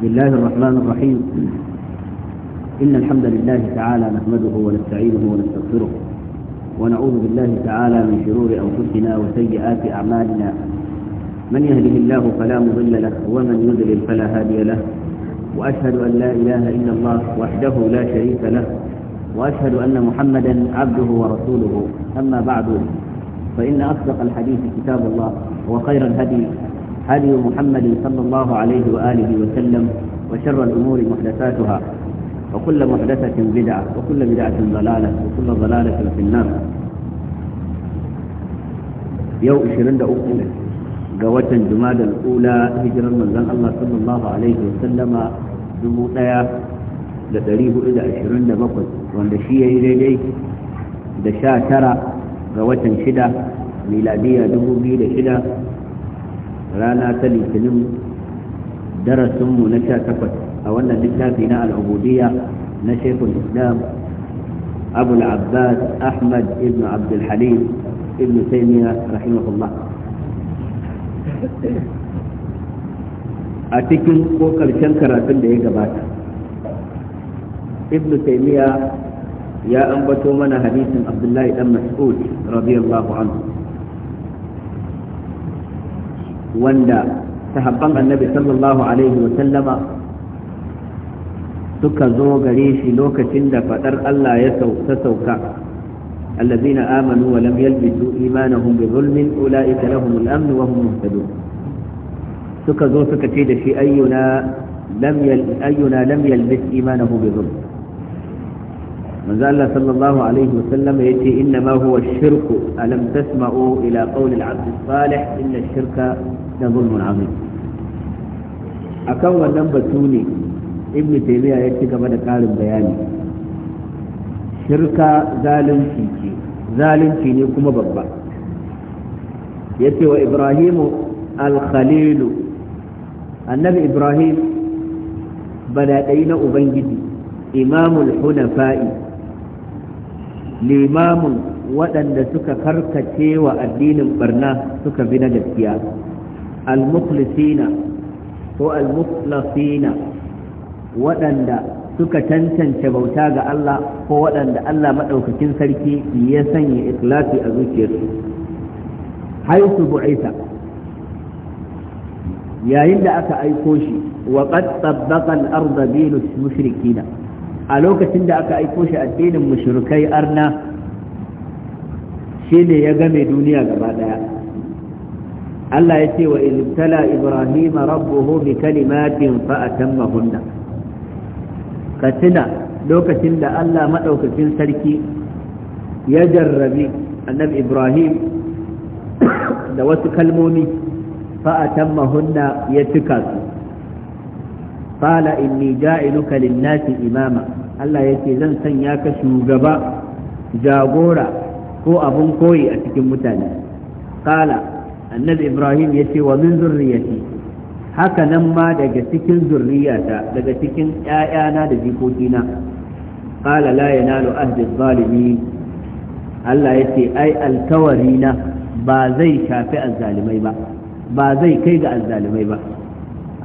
بسم الله الرحمن الرحيم إن الحمد لله تعالى نحمده ونستعينه ونستغفره ونعوذ بالله تعالى من شرور أنفسنا وسيئات أعمالنا من يهده الله فلا مضل له ومن يضلل فلا هادي له وأشهد أن لا إله إلا الله وحده لا شريك له وأشهد أن محمدا عبده ورسوله أما بعد فإن أصدق الحديث كتاب الله وخير الهدي هدي محمد صلى الله عليه وآله وسلم وشر الأمور محدثاتها وكل محدثة بدعة وكل بدعة ضلالة وكل ضلالة في النار يوم إشرين دا أقول قوة جماد الأولى هجر المنزل الله صلى الله عليه وسلم جمودايا لتريه إذا إشرين دا بقل وعند الشيء إليه دشا ترى قوة شدة ميلادية دمو بيد شدة rana ta litinin darasinmu na sha takwas a wannan littafi na al'ubudiyya na shekul islam abu abbas ahmad ibn abdulhalim ibn taimiyya rahimahullah a cikin ko karshen karatun da ya gabata ibn taimiyya ya ambato mana hadisin abdullahi dan mas'ud radiyallahu anhu wanda sahabban annabi sallallahu alaihi wa sallama suka zo gare shi lokacin da fadar Allah ya sauka الذين آمنوا ولم يلبسوا إيمانهم بظلم أولئك لهم الأمن وهم مهتدون سكا زو سكا تيدا في أينا لم, يل... أينا لم يلبس إيمانه بظلم manzo Allah sallallahu alaihi wasallam yace inna ma huwa shirku alam tasma'u ila qawli al-abd salih inna ash-shirka la zulmun azim akan wannan batu ne ibnu taymiya ya ci gaba da karin bayani shirka zalunci zalunci ne kuma babba yace wa ibrahimu al-khalilu annabi ibrahim badaɗai na ubangiji imamul hunafa'i limamin waɗanda suka karkace wa addinin barna suka bi na gaskiya al ko waɗanda suka tantance bauta ga Allah ko waɗanda Allah maɗaukakin sarki ya sanya ikhlasi a zuciyarsu haisu bu'isa yayin da aka aiko shi wa qad tabbaqa al bil mushrikina a lokacin da aka aiko shi addinin mushrikai arna shine ya game duniya gaba daya Allah ya ce wa ibtala Ibrahim rabbuhu bi kalimatin fa atammahunna ka tuna lokacin da Allah madaukakin sarki ya jarrabi annabi Ibrahim da wasu kalmomi fa atammahunna ya cika su qala inni ja'iluka lin-nasi imama Allah ya ce zan sanya ka shugaba jagora ko abin koyi a cikin mutane kala annabi ibrahim ya ce wa min zurriyati haka nan ma daga cikin zurriyata daga cikin ƴaƴana da jikokina kala la yanalu ahdi zalimi Allah ya ce ai na, ba zai shafi azzalimai ba ba zai kai ga azzalimai ba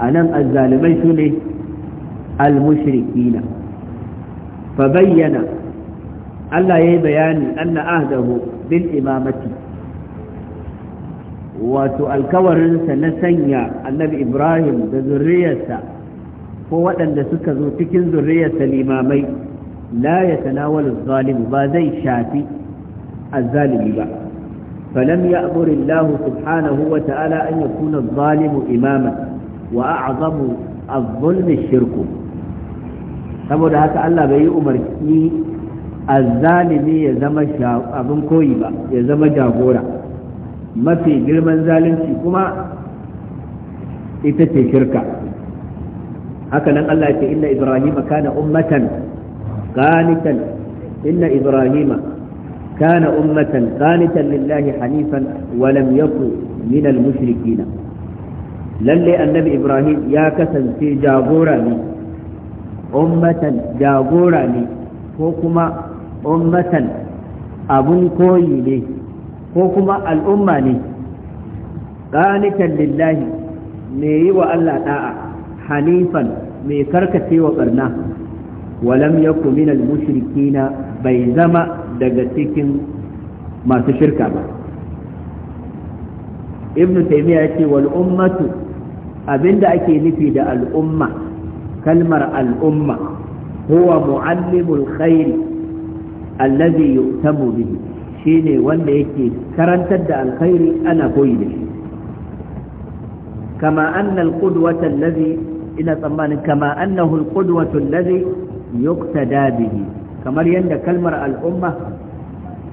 anan azzalimai su ne mushrikina. fa bayyana Allah yayi bayani anna ahdahu bil imamati wato alkawarinsa na sanya annabi Ibrahim da zurriyarsa ko waɗanda suka zo cikin zurriyarsa limamai la ya tanawalu zalim ba zai shafi azzalimi ba falam ya Allah subhanahu wa ta'ala an yakuna zalimu imama wa a'zamu az-zulmi shirku saboda haka Allah bai yi umarci azzalimi ya zama abin koyi ba ya zama jagora mafi girman zalunci kuma ita ce shirka haka nan Allah ya ce inna ibrahima kana ummatan qanitan inna ibrahima kana ummatan qanitan lillahi hanifan wa lam yakun min al-mushrikeen lalle annabi ibrahim ya kasance jagora ne ummatan jagora ne ko kuma ummatan abun koyi ne ko kuma al'umma ne ƙanitan lillahi mai yi wa Allah ɗa'a hanifan mai karkace wa ɓarna walam ya min al bai zama daga cikin masu shirka ba ibn taymiya ya ce wal ummatu abinda ake nufi da al'umma kalmar al'umma huwa mu'allimul khairi allazi yu'tamu bihi shine wanda yake karantar da alkhairi ana koyi da shi kama anna alqudwata allazi ina tsammanin kama annahu alqudwatu allazi yuqtada bihi kamar yadda kalmar al'umma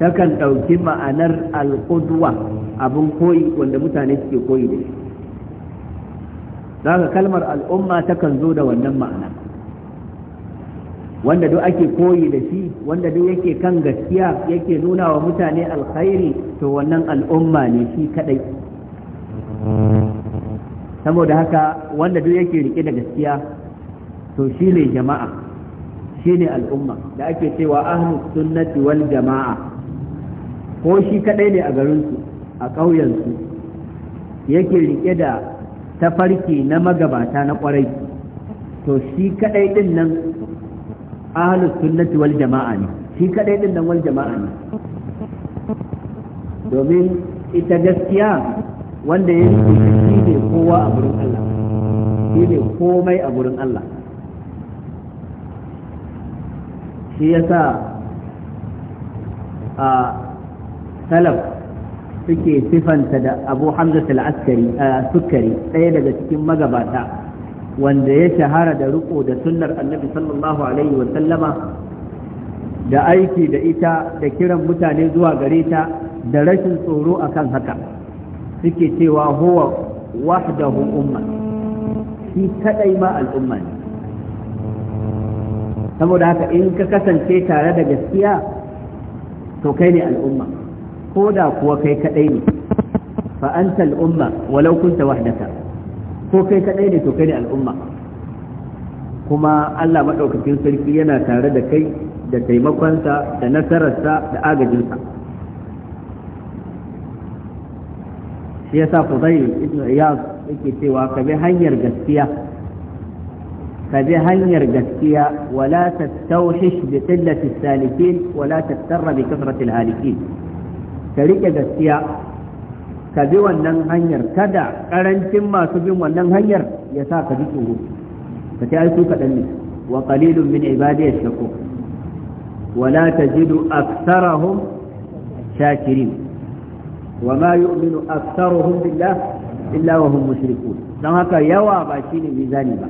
takan ɗauki ma'anar alƙudwa abin koyi wanda mutane suke koyi da shi daga kalmar al'umma takan zo da wannan ma'ana wanda duk ake koyi da shi wanda duk yake kan gaskiya yake nuna wa mutane alkhairi to wannan al'umma ne shi kadai saboda haka wanda duk yake rike da gaskiya to shi ne jama'a shi ne al'umma da ake cewa ahlus sunnati wal jama'a ko shi kadai ne a garinsu a ƙauyensu yake rike da tafarki na magabata na kwarai to shi kadai din nan ahlus sunnati wal jama'a ne shi kadai din nan wal jama'a ne domin ita gaskiya wanda ya yi shi ne kowa a gurin Allah shi ne komai a gurin Allah shi yasa a salaf suke sifanta da abu hamza al-askari sukari ɗaya daga cikin magabata wanda ya shahara da riko da sunnar annabi sallallahu alaihi wa sallama da aiki da ita da kiran mutane zuwa gare ta da rashin tsoro akan haka suke cewa huwa wahdahu umma shi kadai ma al'umma ne saboda haka in ka kasance tare da gaskiya to kai ne al'umma ko da kuwa kai kadai ne fa anta al walau kunta wahdaka ko kai kadai ne to kai ne al'umma kuma Allah madaukakin sarki yana tare da kai da taimakonsa da nasararsa da agajinsa shi yasa Fudayl ibn Iyad yake cewa ka bi hanyar gaskiya ka bi hanyar gaskiya wala tastawhish bi qillati salikin wala tattarra bi kathrati al-halikin ka riƙe gaskiya ka bi wannan hanyar kada ƙarancin masu bin wannan hanyar ya sa ka bi tsoro ka ta aiko kaɗan ne wa qalilun min ibadiy shakur wala tajidu aktsarahum shakirin wa ma yu'minu aktsaruhum billah illa wa hum mushrikun dan haka yawa ba shine mizani ba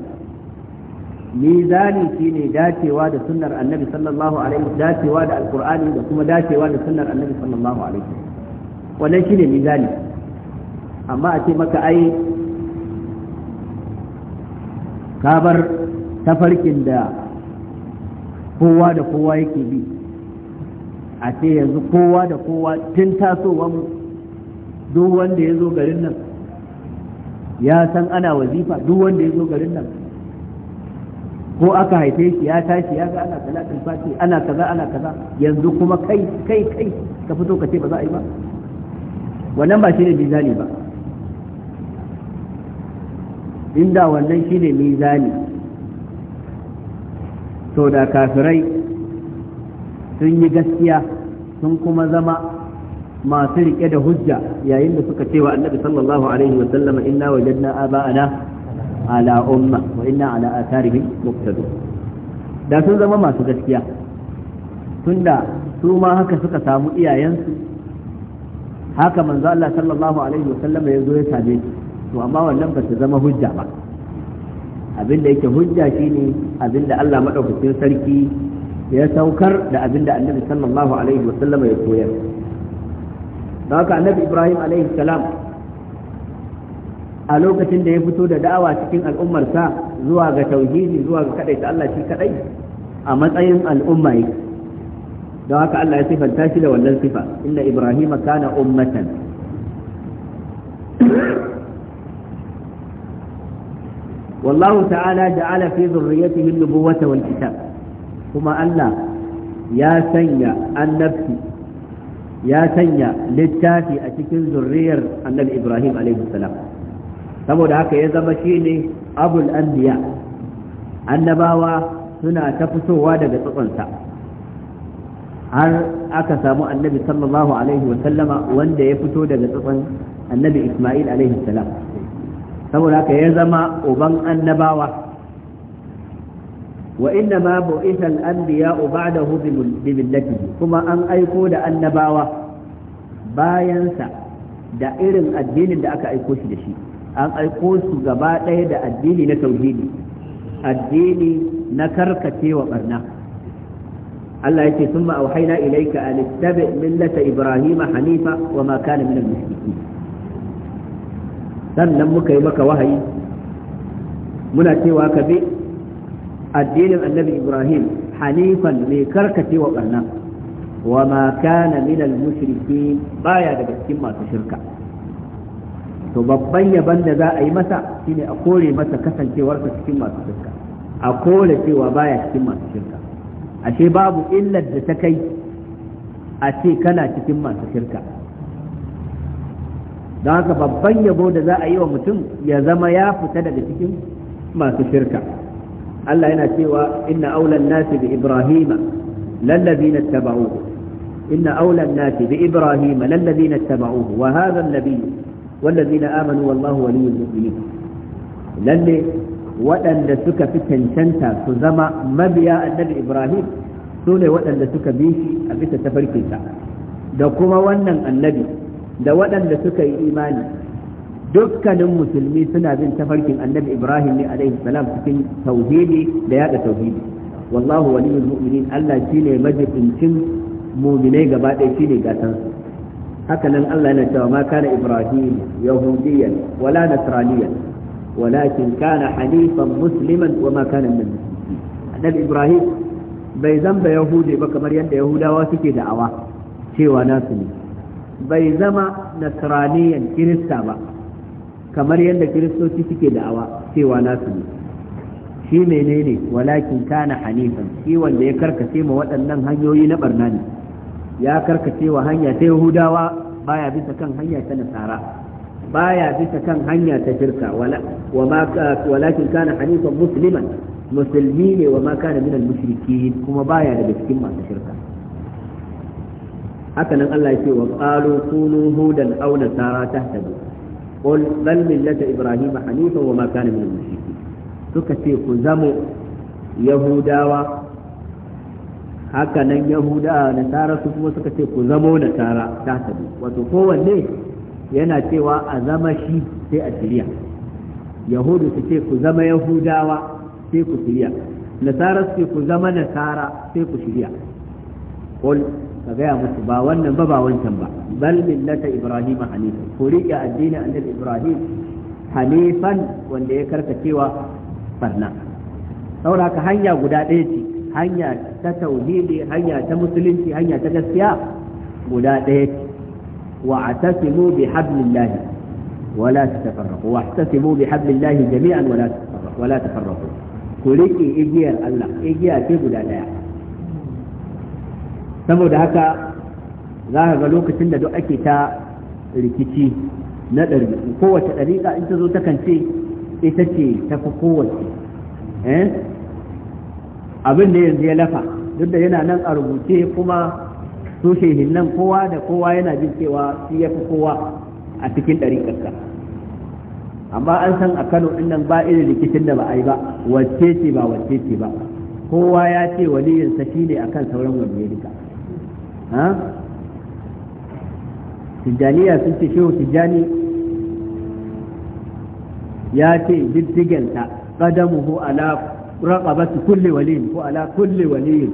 mizani shi ne dacewa da sunar annabi sallallahu alaihi dacewa da alqur'ani da kuma dacewa da sunar annabi sallallahu alaihi shi ne mizani amma a ce maka ai kabar ta farkin da kowa da kowa yake bi a ce yanzu kowa da kowa tun tasowa mu duk wanda ya zo garin nan ya san ana wazifa duk wanda ya zo garin nan ko aka haife shi ya tashi ya ga ana talatin fati ana kaza ana kaza yanzu kuma kai kai kai ka fito ka ce ba za a yi ba wannan ba shi ne mizani ba inda wannan shi ne mizani to da kafirai sun yi gaskiya sun kuma zama masu rike da hujja yayin da suka ce wa annabi sallallahu alaihi wa sallama inna wajadna aba'ana ala umma wa inna ala atharihim muqtadun da sun zama masu gaskiya tunda su ma haka suka samu iyayensu haka manzo Allah sallallahu alaihi wasallam ya zo ya same su to amma wannan ba ta zama hujja ba abinda yake hujja shine da Allah madaukakin sarki ya saukar da abin abinda annabi sallallahu alaihi wasallam ya koyar haka annabi Ibrahim alaihi salam a lokacin da ya fito da da'awa cikin al'ummarsa zuwa ga tauhidi zuwa ga kadai ta Allah shi kadai a matsayin al'umma yake don haka Allah ya sifanta shi da wannan sifa inna ibrahima kana ummatan والله تعالى جعل في ذريته النبوة والكتاب كما ألا يا سنيا النبس يا سنيا للتافي أتكن ذرية النبي Ibrahim عليه السلام saboda haka ya zama shi shine abul anbiya annabawa suna ta fitowa daga tsakonsa har aka samu annabi sallallahu alaihi wa sallama wanda ya fito daga tsakon annabi isma'il alaihi salam saboda haka ya zama uban annabawa wa inna ma bu'itha al-anbiya ba'dahu bi millatihi kuma an aiko da annabawa bayansa da irin addinin da aka aiko shi da shi an aiko su gaba ɗaya da addini na tauhidi addini na karkacewa barna Allah ce sun ma'auhaina ilaika an ittabi millata Ibrahim hanifa wa ma kana minal mushriki sannan muka yi maka wahayi muna cewa ka bi addinin annabi Ibrahim hanifan mai karkacewa barna wa ma kana minal baya daga cikin masu shirka to babban yaban da za a yi masa shine a kore masa kasancewarsa cikin masu shirka a kore cewa baya cikin masu shirka ashe babu illar da ta kai a ce kana cikin masu shirka don haka babban yabo da za a yi wa mutum ya zama ya fita daga cikin masu shirka Allah yana cewa inna aulan nasi bi ibrahima lallazina tabauhu inna aulan nasi bi ibrahima na tabauhu wa hadha an-nabiyyu والذين آمنوا والله ولي المؤمنين lalle waɗanda suka fi cancanta su zama mabiya annabi ibrahim su ne waɗanda suka bi shi a bisa da kuma wannan annabi da waɗanda suka yi imani dukkanin musulmi suna bin tafarkin annabi ibrahim ne alaihi salam cikin tauhidi da yada tauhidi wallahu waliyul mu'minin allah shine majibincin mu'minai gaba ɗaya shine su. haka nan Allah yana cewa ma kana Ibrahim yahudiyan wala nasraniyan walakin kana hanifan musliman wa ma kana min annabi Ibrahim bai zamba yahudi ba kamar yadda yahudawa suke da'awa cewa nasu ne bai zama nasraniyan kirista ba kamar yadda kiristoci suke da'awa cewa nasu ne shi menene walakin kana hanifan shi wanda ya karkace ma waɗannan hanyoyi na barna ne ya karkace wa hanya ta yahudawa baya bisa kan hanya ta nasara baya bisa kan hanya ta shirka walakin kana hanifan musliman musulmi ne wa ma kana minal mushrikin kuma baya daga cikin masu shirka haka nan Allah ce wa qalu kunu hudan aw nasara tahtadu qul bal millata ibrahima hanifan wa ma kana minal mushrikin suka ce ku zamo yahudawa haka nan yahuda tara su kuma suka ce ku zamo nasara ta tabi wato kowanne yana cewa a zama shi sai a shirya yahudu su ce ku zama yahudawa sai ku shirya nasara su ce ku zama nasara sai ku shirya qul ka gaya musu ba wannan ba ba wancan ba bal millata ibrahim hanifan ku riƙe addinin annabi ibrahim hanifan wanda ya karkacewa farna saboda hanya guda ɗaya ce hanya ta tauhidi hanya ta musulunci hanya ta gaskiya guda ɗaya ce wa atasimu bi hablillahi wala ta tatafarraqu wa a atasimu bi hablillahi jami'an wala ta wala tafarraqu ku rike igiyar Allah igiya ce guda ɗaya saboda haka za ka ga lokacin da duk ake ta rikici na ɗari kowace ɗariƙa in ta zo ta kance ita ce ta fi kowace eh? abin da yanzu ya lafa duk da yana nan a rubuce kuma su shehin nan kowa da kowa yana jin cewa shi ya fi kowa a cikin ɗari ƙasa amma an san a kano ɗin nan ba irin rikicin da ba a yi ba wacce ce ba wacce ce ba kowa ya ce sa shi ne akan sauran waliyai duka tijjaniya sun ce shehu tijjani ya ce diddiganta ƙadamuhu ala raqabati kulli waliyin ko ala kulli waliyin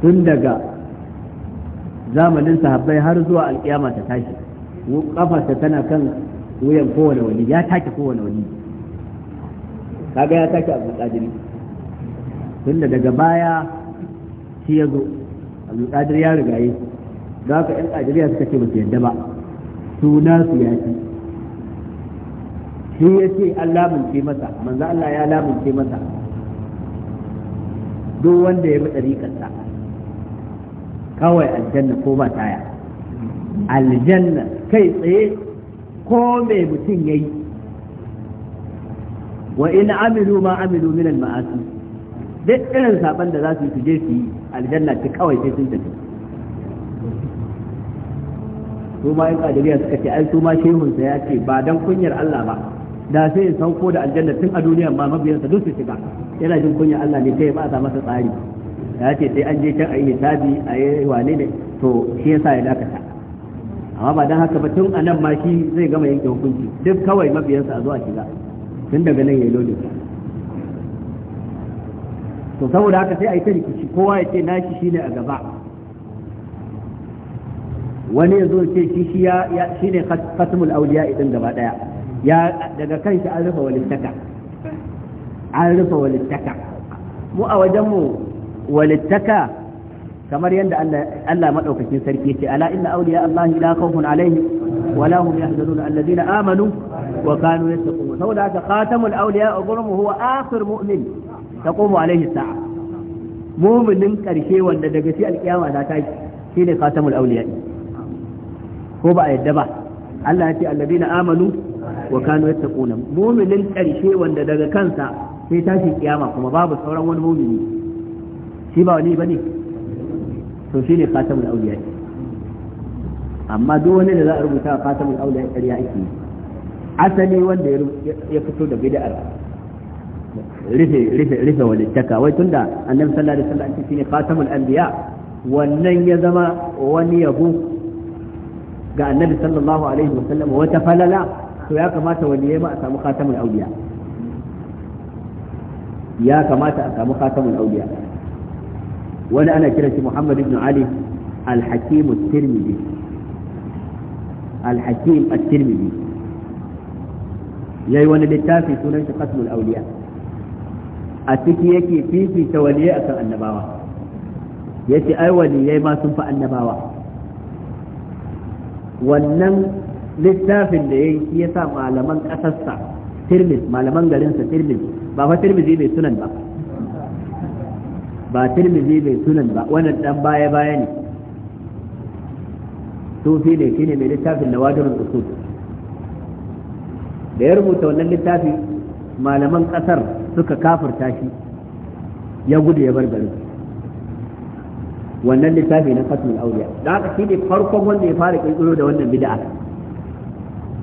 tun daga zamanin sahabbai har zuwa alkiyama ta tashi kafarsa tana kan wuyan kowane wali ya take kowane wali kaga ya take abu kadiri tunda daga baya shi ya zo abu kadiri ya riga yi za ka yan kadiriya suka ce ba yadda ba suna su ya shi ya ce an lamunce masa manzo Allah ya lamunce masa duk wanda ya bi ɗariƙarsa kawai aljanna ko ba taya aljanna kai tsaye ko mai mutum ya yi wa in amilu ma amilu min al ma'asi duk irin saban da za su yi su je su yi aljanna ce kawai sai sun tafi su ma in kadiriya suka ce ai su ma shehunsa ya ce ba dan kunyar Allah ba da sai ya sauko da aljanna tun a duniya ma mabiyansa duk su shiga yana jin kunya Allah ne kai ba za masa tsari ya ce sai an je can a yi hisabi a yi wane ne to shi yasa ya dakata amma ba dan haka ba tun a nan ma shi zai gama yanke hukunci duk kawai mabiyansa a zo a shiga tun daga nan ya lodi to saboda haka sai a yi ta rikici kowa ya ce nashi shine a gaba wani ya zo ce shi shi ne khatmul awliya idan gaba daya ya daga kan shi an rufe walittaka an rufe walittaka mu a wajen mu walittaka kamar yadda Allah madaukakin sarki ce ala inna awliya Allah la khawfun alaihim wala hum yahzanun alladhina amanu wa kanu yattaqun saboda haka khatamul awliya gurum huwa akhir mu'min taqumu alaihi sa'a mu'minin karshe wanda daga shi alkiyama za ta shine khatamul awliya ko ba a yadda ba Allah ya ce alladhina amanu wa kanu yattaquna mu'minin karshe wanda daga kansa sai tashi kiyama kuma babu sauran wani mu'mini shi ba wani bane to shine khatamul awliya amma duk wani da za a rubuta khatamul awliya ƙarya ake asali wanda ya fito da bid'ar rufe rufe rufe walittaka wai tunda annabi sallallahu alaihi wasallam shine khatamul anbiya wannan ya zama wani yabo ga annabi sallallahu alaihi wasallam wata falala to ya kamata wanda ya a samu khatamul auliya ya kamata a samu khatamul auliya wani ana kira shi Muhammad ibn Ali al-Hakim at-Tirmidhi al-Hakim at-Tirmidhi yayi wani littafi sunan shi Qasmul Awliya a ciki yake fifita waliyai akan annabawa yace ai waliyai ma sun fi annabawa wannan littafin da ya yi ya sa malaman ƙasarsa tirmis malaman garinsa tirmis ba fa tirmizi mai sunan ba ba tirmizi mai sunan ba wannan dan baya baya ne sufi ne shine mai littafin nawadirul usul da ya rubuta wannan littafi malaman ƙasar suka kafirta shi ya gudu ya bar garin wannan littafi na fatul auliya da aka shi ne farkon wanda ya fara kirkiro da wannan bid'a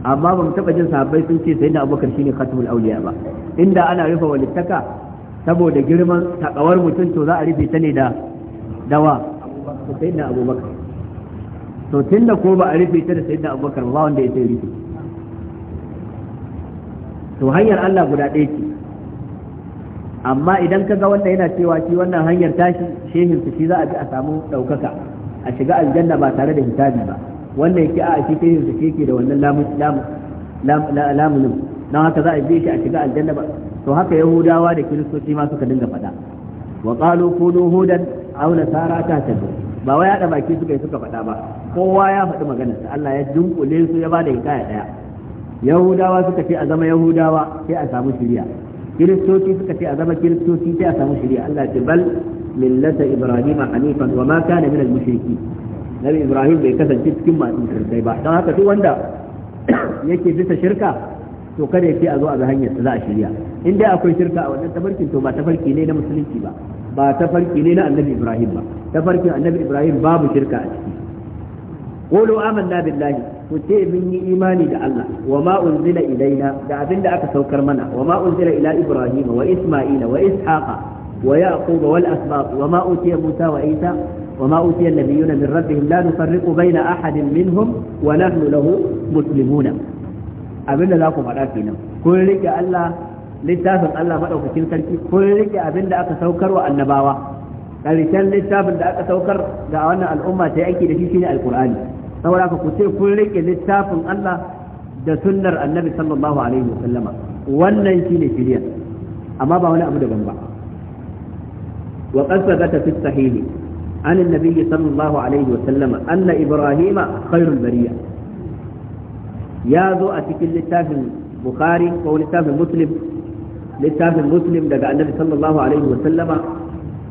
amma ba mu jin sahabbai sun ce sayyidina abubakar shine khatmul awliya ba inda ana rufe walittaka saboda girman takawar mutum to za a rufe ta ne da dawa da abubakar to tunda ko ba a rufe ta da sayyidina abubakar ba wanda ya sai rufe to hanyar Allah guda ɗaya ce amma idan ka ga wanda yana cewa shi wannan hanyar tashi shehin su shi za a bi a samu ɗaukaka a shiga aljanna ba tare da hisabi ba wannan yake a shi kai da yake da wannan lamunin don haka za a biye shi a shiga aljanna ba to haka yahudawa da kiristoci ma suka dinga faɗa wa qalu kunu hudan aw nasara ta tabu ba wai hada baki suka yi suka faɗa ba kowa ya faɗi maganar sa Allah ya dunkule su ya bada hikaya daya yahudawa suka ce a zama yahudawa sai a samu shiriya kiristoci suka ce a zama kiristoci sai a samu shiriya Allah ya ce bal millata ibrahima hanifan wa ma kana minal mushriki nabi ibrahim bai kasance cikin masu shirkai ba don haka duk wanda yake bisa shirka to kada ya ce a zo a ga hanyar za a shirya in dai akwai shirka a wannan tafarkin to ba tafarki ne na musulunci ba ba tafarki ne na annabi ibrahim ba tafarkin annabi ibrahim babu shirka a ciki qulu amanna billahi ku ce mun yi imani da Allah wa ma unzila ilaina da abin da aka saukar mana wa ma unzila ila ibrahim wa isma'ila wa ishaqa wa yaqub wal asbaq wa ma utiya musa wa isa وما أوتي النبيون من ربهم لا نفرق بين أحد منهم ونحن له مسلمون أبن لا كفر فينا كل لك الله littafin Allah maɗaukakin sarki ko rike abin da aka saukar wa annabawa ƙarshen littafin da aka saukar a wannan al'umma ta aiki da shi shine alkur'ani saboda haka ku kun littafin Allah da sunnar annabi sallallahu alaihi wa sallama wannan shine shirya amma ba wani abu daban ba wa qad sabata fi sahihi عن النبي صلى الله عليه وسلم أن إبراهيم خير البرية يا ذو أتكل لتاف البخاري أو لتاف المسلم لتاف المسلم دقى النبي صلى الله عليه وسلم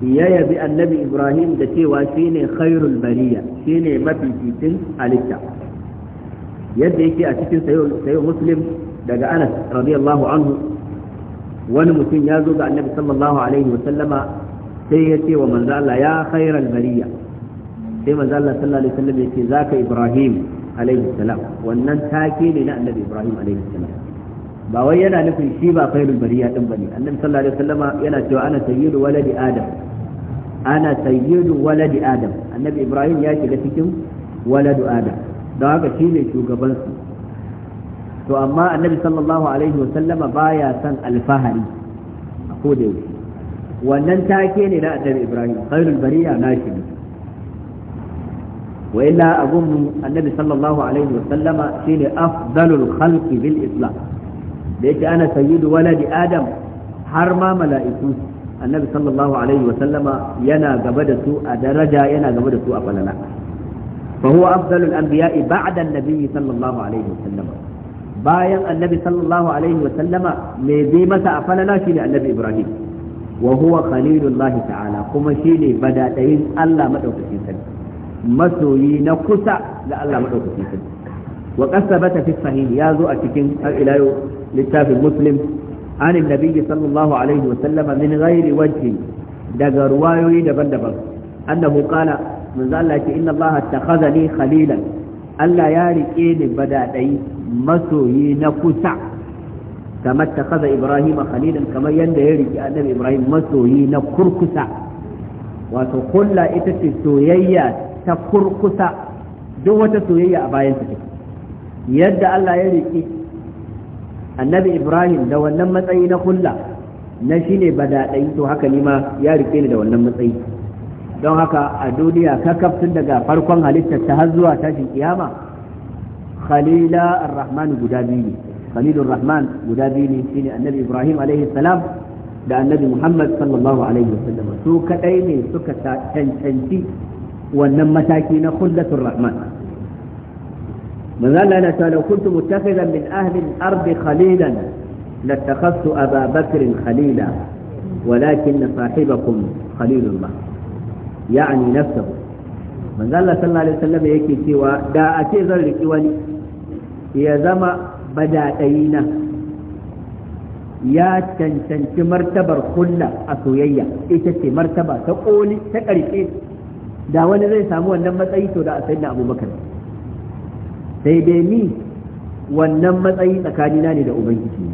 يا بأن النبي إبراهيم دكي وشيني خير البرية شيني ما في تيتن ألتا yadda yake a cikin sayo muslim daga anas radiyallahu anhu wani mutum ya zo ga annabi sallallahu alaihi wa sallama sai ya ce wa manzo Allah ya khairal bariya sai manzo Allah sallallahu alaihi wasallam ya zaka Ibrahim alaihi salam wannan take ne na annabi Ibrahim alaihi salam ba wai yana nufin shi ba khairul bariya din bane annabi sallallahu alaihi wasallam yana cewa ana sayyidu waladi adam ana sayyidu waladi adam annabi Ibrahim ya shiga cikin waladu adam don haka shi ne shugaban su to amma annabi sallallahu alaihi wasallama baya son alfahari a koda yaushe wannan take ne na annabi ibrahim khairul bariya na ne wa illa abun annabi sallallahu alaihi wa sallama shine afdalul khalqi bil islam da yake ana sayyidu waladi adam har ma mala'iku annabi sallallahu alaihi wa sallama yana gaba da su a daraja yana gaba da su a falala fa huwa afdalul anbiya'i ba'da an sallallahu alaihi wa sallama bayan annabi sallallahu alaihi wa sallama me bi masa a falala shine annabi ibrahim wa huwa khalilullahi ta'ala kuma shine badadayin Allah madaukakin sarki masoyi na kusa ga Allah madaukakin sarki wa qasabata fi sahih ya zo a cikin ila yau littafin muslim an annabi sallallahu alaihi wa sallama min ghairi wajhi daga ruwayoyi daban-daban annahu qala manzo Allah ce inna Allah takhazani khalilan Allah ya rike ni badadayi masoyi na kusa ta takaza ibrahim Khalilin kamar yadda ya riki annabi ibrahim masoyi na kurkusa wato kulla ita ce soyayya ta kurkusa duk wata soyayya a bayan ta yadda Allah ya riki annabi ibrahim da wannan matsayi na kulla na shine badaɗai to haka ma ya rike ni da wannan matsayi don haka a duniya kakaf tun daga farkon halittar ta har zuwa tashin kiyama khalila ar guda biyu khalilur rahman guda biyu ne shine annabi ibrahim alaihi da annabi muhammad sallallahu alaihi su kadai ne suka cancanci wannan mataki na khullatur rahman manzo Allah yana cewa law kuntu muttakhidan min ahli al-ard khalilan لاتخذت أبا بكر خليلا ولكن صاحبكم خليل الله يعني نفسه من قال صلى الله عليه وسلم يكي سوى دا أتي ذلك يا زما badaɗayi na ya cancanci martabar kulla a soyayya ita ce martaba ta ƙoli ta ƙarshe da wani zai samu wannan matsayi to da a sayi abubakar sai dai ni wannan matsayi tsakanina ne da ubangiji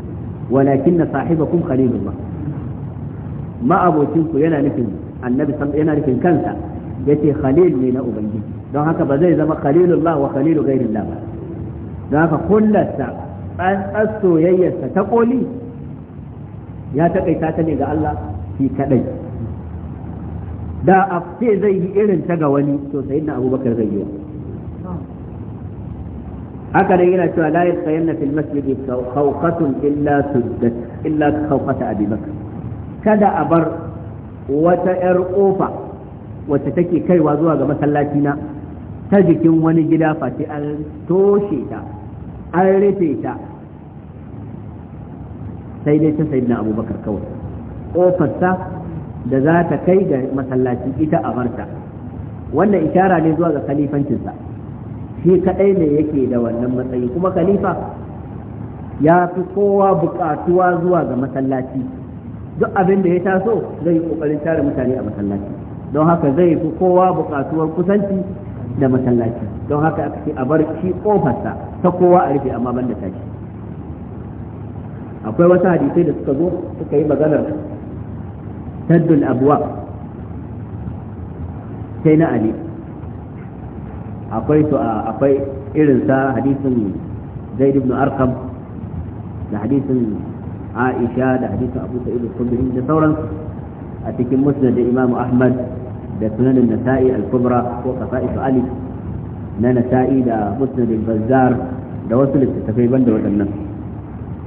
walakin na sahiba kum ba. ma'abocin ku yana nufin annabi yana nufin kansa yace khalil ne na ubangiji don haka ba zai zama khalilullah wa khalilu ghairillah ba don haka kullasta. tsantsar soyayyarsa ta koli ya taƙaita ta ne ga Allah shi kaɗai da a ce zai yi irin ta ga wani to sai na abubakar zai yi haka dai yana cewa la yasayanna fil masjidi khawqatun illa suddat illa khawqata abi bakr kada a bar wata yar kofa wacce take kaiwa zuwa ga masallaci na ta jikin wani gida face an toshe ta an rufe ta sai dai ta sayyidina abubakar kawai ƙofarsa da za ta kai ga masallaci ita a barta wannan ishara ne zuwa ga khalifancinsa shi kadai ne yake da wannan matsayi kuma khalifa ya fi kowa bukatuwa zuwa ga masallaci duk abin da ya taso zai yi ƙoƙarin tare mutane a masallaci don haka zai fi kowa bukatuwar kusanci da masallaci don haka aka ke a bar shi kofarsa ta kowa a rufe amma ban da tashi akwai wasu hadisai da suka zo suka yi maganar saddul abwa sai na ali akwai su akwai irin sa hadisin zaid ibn arqam da hadisin aisha da hadisin abu sa'id al-khudri da sauran a cikin musnad da imamu ahmad da sunan nasa'i al-kubra ko qasa'is ali na nasa'i da musnad al-bazzar da wasu littattafai banda waɗannan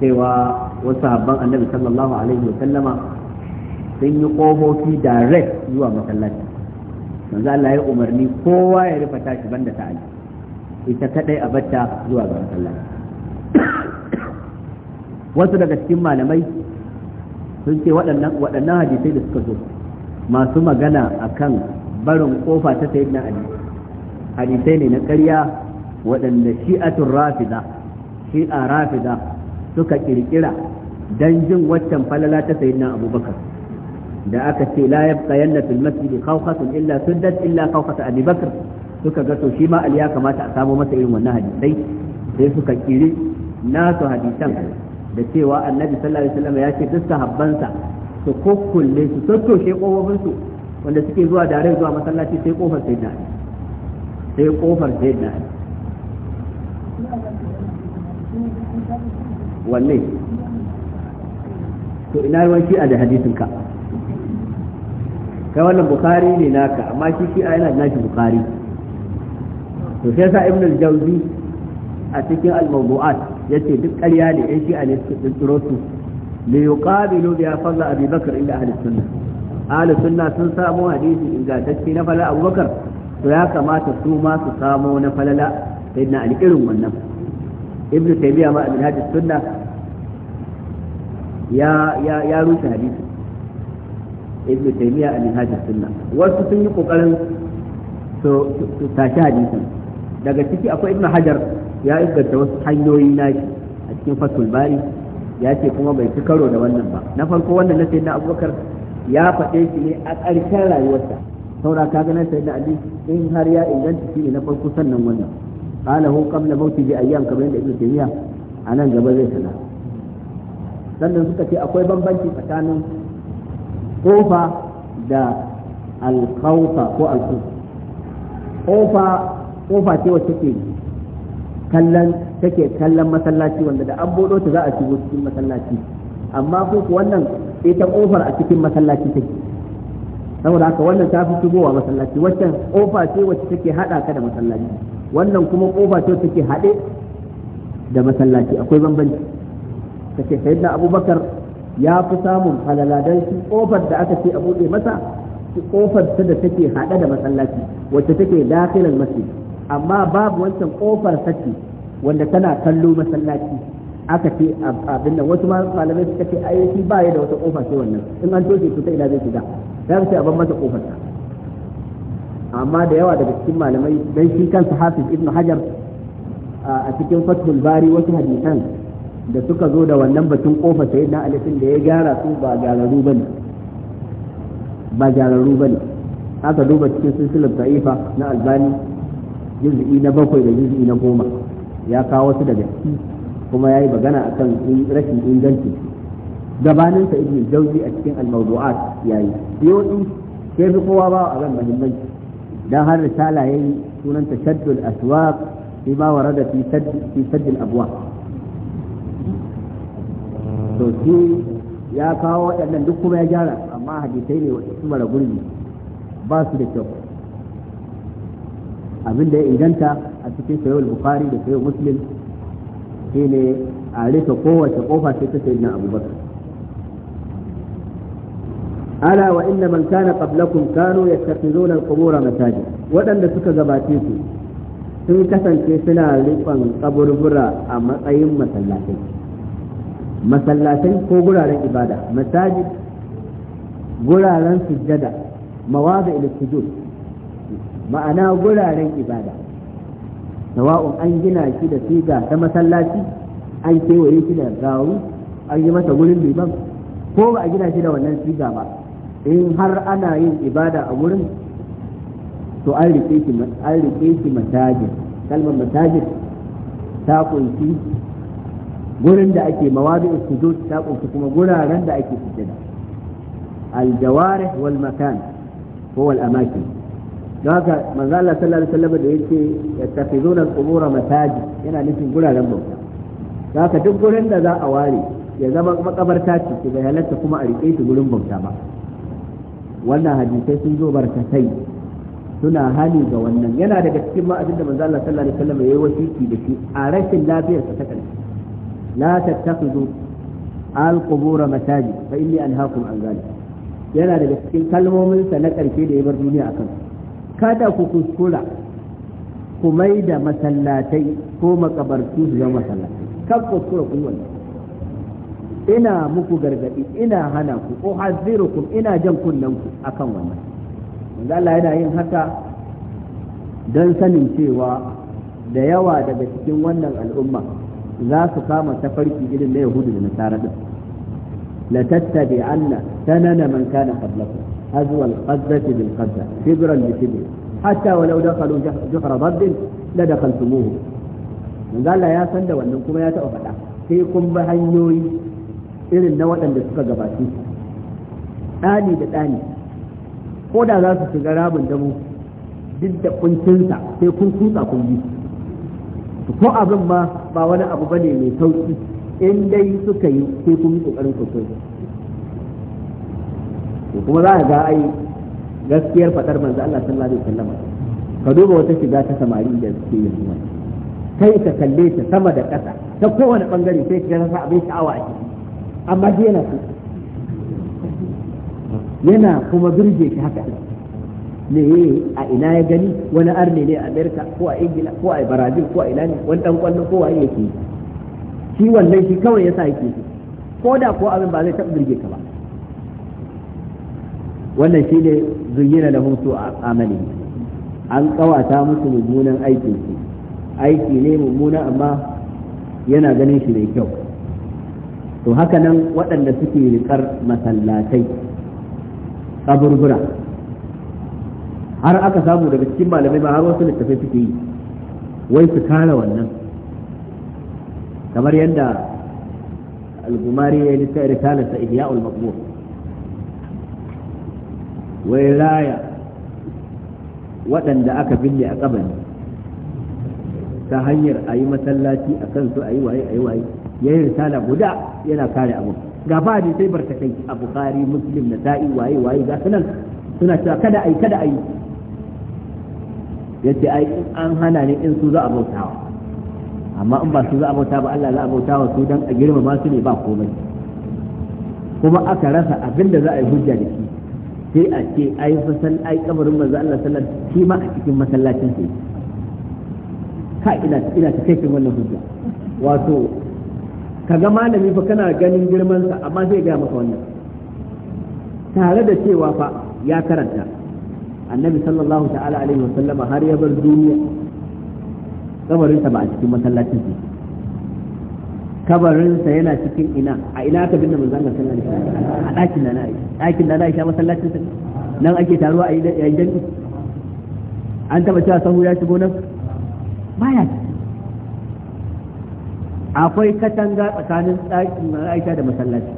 cewa wasu habban annabi sallallahu alaihi wa sallama sun yi kofofi direct zuwa masallaci manzo Allah ya umarni kowa ya rufe tashi banda ta ali ita kadai a batta zuwa ga masallaci wasu daga cikin malamai sun ce waɗannan waɗannan hadisai da suka zo masu magana akan barin kofa ta sayyidina ali hadisai ne na ƙarya waɗanda shi'atul rafida shi'a rafida suka kirkira dan jin waccan falala ta sayyidina abubakar da aka ce la yabqa yanna fil masjid khawfatun illa suddat illa khawfat abi bakr suka ga to shi ma ali ya kamata a samo masa irin wannan hadisai sai suka kiri nasu hadisan da cewa annabi sallallahu alaihi wasallam ya ce duk sahabbansa su kokkulle su tattoshe kofofin su wanda suke zuwa dare zuwa masallaci sai kofar sayyidina sai kofar sayyidina wanne to ina ruwan shi'a da hadisin ka kai wannan bukari ne naka amma shi shi'a yana nashi bukari to sai sa ibn al-jawzi a cikin al-mawdu'at yace duk ƙarya ne ɗan shi'a ne suka tsiro su li yuqabilu bi fadl abi bakr inda ahli sunna ahli sunna sun samu hadisi ingantacce na falala abubakar to ya kamata su ma su samu na falala sayyidina ali irin wannan ibn taymiya ma abin hadis sunna ya rushe hadisi ibn taymiya a minhajus sunna wasu sun yi kokarin su tashi hadisin daga ciki akwai ibn hajar ya inganta wasu hanyoyi shi a cikin fatul bari ya ce kuma bai ci karo da wannan ba na farko wannan na sayyidina abubakar ya faɗe shi ne a ƙarshen rayuwarsa saura ka ga na sayyidina ali in har ya inganta shi ne na farko sannan wannan qala hu qabla mawtihi ayyam kamar yadda ibn taymiya anan gaba zai sanar sannan suka ce akwai bambanci tsakanin kofa da alkaufa ko alkuf kofa kofa ce wacce ke kallon take kallon masallaci wanda da an bodo ta za a shigo cikin masallaci amma ko wannan ita kofar a cikin masallaci take saboda haka wannan ta fi shigowa masallaci waccan kofa ce wacce take hada ka da masallaci wannan kuma kofa ce take hade da masallaci akwai bambanci ka ce sayyidina abubakar ya fi samun falala dan shi kofar da aka ce a buɗe masa shi kofar ta da take haɗe da masallaci wacce take dakilan masjid amma babu wancan kofar saki wanda tana kallo masallaci aka ce abin nan wasu malamai suka ce ai shi ba ya da wata kofa sai wannan in an toshe su ta ina zai shiga za ce a ban masa kofar ta amma da yawa daga cikin malamai dan shi kansa hafiz ibnu hajar a cikin fathul bari wasu hadisan da suka zo da wannan batun kofa sai na alifin da ya gyara su ba gyararru ba ne ba gyararru ba ne aka duba cikin silsilar ta'ifa na albani juz'i na bakwai da juz'i na goma ya kawo wasu daga ciki kuma ya yi magana a kan rashin inganci gabanin sa ibn jauzi a cikin al-mawdu'at yayi biyoyi sai fi kowa ba a ran muhimmanci dan har risala yayi sunan tashaddul aswaq bima warada fi sadd fi sadd al to shi ya kawo waɗannan duk kuma ya gyara amma hadisai ne wanda su mara gurbi ba su da kyau abin da ya inganta a cikin sayyid bukari da sayyid muslim ne a rika kowace kofa sai ta sayi sayyidina abubakar ala wa inna man kana qablakum kanu yattakhizuna al-qubur masajid wadanda suka gabace su sun kasance suna riƙon kaburbura a matsayin masallatai masallatai ko guraren ibada masajid guraren sujjada mawada ila sujud ma'ana guraren ibada sawa'un an gina shi da siga ta masallaci an kewaye shi da gawo an yi masa gurin liman ko ba a gina shi da wannan siga ba in har ana yin ibada a gurin to an rike shi an rike shi masajid kalmar masajid ta kunshi gurin da ake mawadi'u sujud ta kunshi kuma guraren da ake sujada al-jawarih wal makan ko wal amakin don haka manzo Allah sallallahu alaihi wasallam da yake yattafizuna al-qubur masajid yana nufin guraren bauta don haka duk gurin da za a ware ya zama makabarta ce bai halatta kuma a rike shi gurin bauta ba wannan hadisai sun zo barkatai suna hali ga wannan yana daga cikin ma abin da manzo Allah sallallahu alaihi wasallam yayi wasiki da shi a rashin lafiyarsa ta karshe la tattakhidhu al-qubur masajid fa inni anhaakum an zalik yana daga cikin kalmomin sa na karshe da ya bar duniya akan kada ku kuskura ku mai da masallatai ko makabartu su zama masallatai kan kuskura ku wannan ina muku gargadi ina hana ku uhadhirukum ina jan kunnen ku akan wannan manzo Allah yana yin haka don sanin cewa da yawa daga cikin wannan al'umma za su kama ta farki irin na yahudu da nasara din la tattabi anna sanana man kana qablakum azwa al-qazzah bil qazzah fibran li fibr hatta walau dakhalu juhra dabb la dakhaltumuhu manzo Allah ya san da wannan kuma ya taɓa faɗa sai kun bi hanyoyi irin na waɗanda suka gabace ɗani da ɗani ko da za su shiga rabin damo duk da kuncinsa sai kun kusa kun bi ko abin ma ba wani abu bane mai sauki in dai suka yi sai kun yi kokarin ku to kuma za ga ai gaskiyar fadar manzo Allah sallallahu alaihi wasallam ka duba wata shiga ta samari da suke yi wannan kai ka kalle ta sama da ƙasa ta kowane bangare sai ka rasa abin sha'awa a ciki amma dai yana so yana kuma birge ki haka ne a ina ya gani wani arne ne a amerika ko a ingila ko a brazil ko a ina ne wani dan kwallo ko waye yake shi wannan shi kawai yasa yake shi ko da ko abin ba zai taɓa birge ka ba wannan shi ne zuyyina da hutu a amali an kawata musu mummunan aikin su aiki ne mummuna amma yana ganin shi mai kyau to haka nan waɗanda suke riƙar masallatai kaburbura har aka samu daga cikin malamai ma har wasu littafai suke yi wai su kare wannan kamar yadda al-gumari ya yi ta irkalar sa ihya'ul maqbur wai raya waɗanda aka binne a kabari ta hanyar a yi masallaci a kan su a yi waye a yi waye ya yi risala guda yana kare abu ga fa sai barkatai a bukari muslim na sa'i waye waye ga sunan suna cewa kada a yi kada a yi ya ce ai in an hana ne in su za a bautawa amma in ba su za a bauta ba Allah za a bautawa su dan a girmama su ne ba komai kuma aka rasa abin da za a yi hujja da shi sai a ce ai fasal ai kabarin manzo Allah sallallahu alaihi shi ma a cikin masallacin sai ka ina ina cikin wannan hujja wato kaga malami fa kana ganin girman sa amma zai ga maka wannan tare da cewa fa ya karanta annabi sallallahu ta'ala alaihi wasallama har ya bar duniya kabarinsa ba a cikin masallacin su kabarinsa yana cikin ina a ina aka binne manzo Allah sallallahu alaihi wasallam a ɗakin da na Aisha ɗakin da na Aisha masallacin sa nan ake taruwa a yayin jami'i an taba cewa sahu ya shigo nan baya akwai katanga tsakanin ɗakin Aisha da masallaci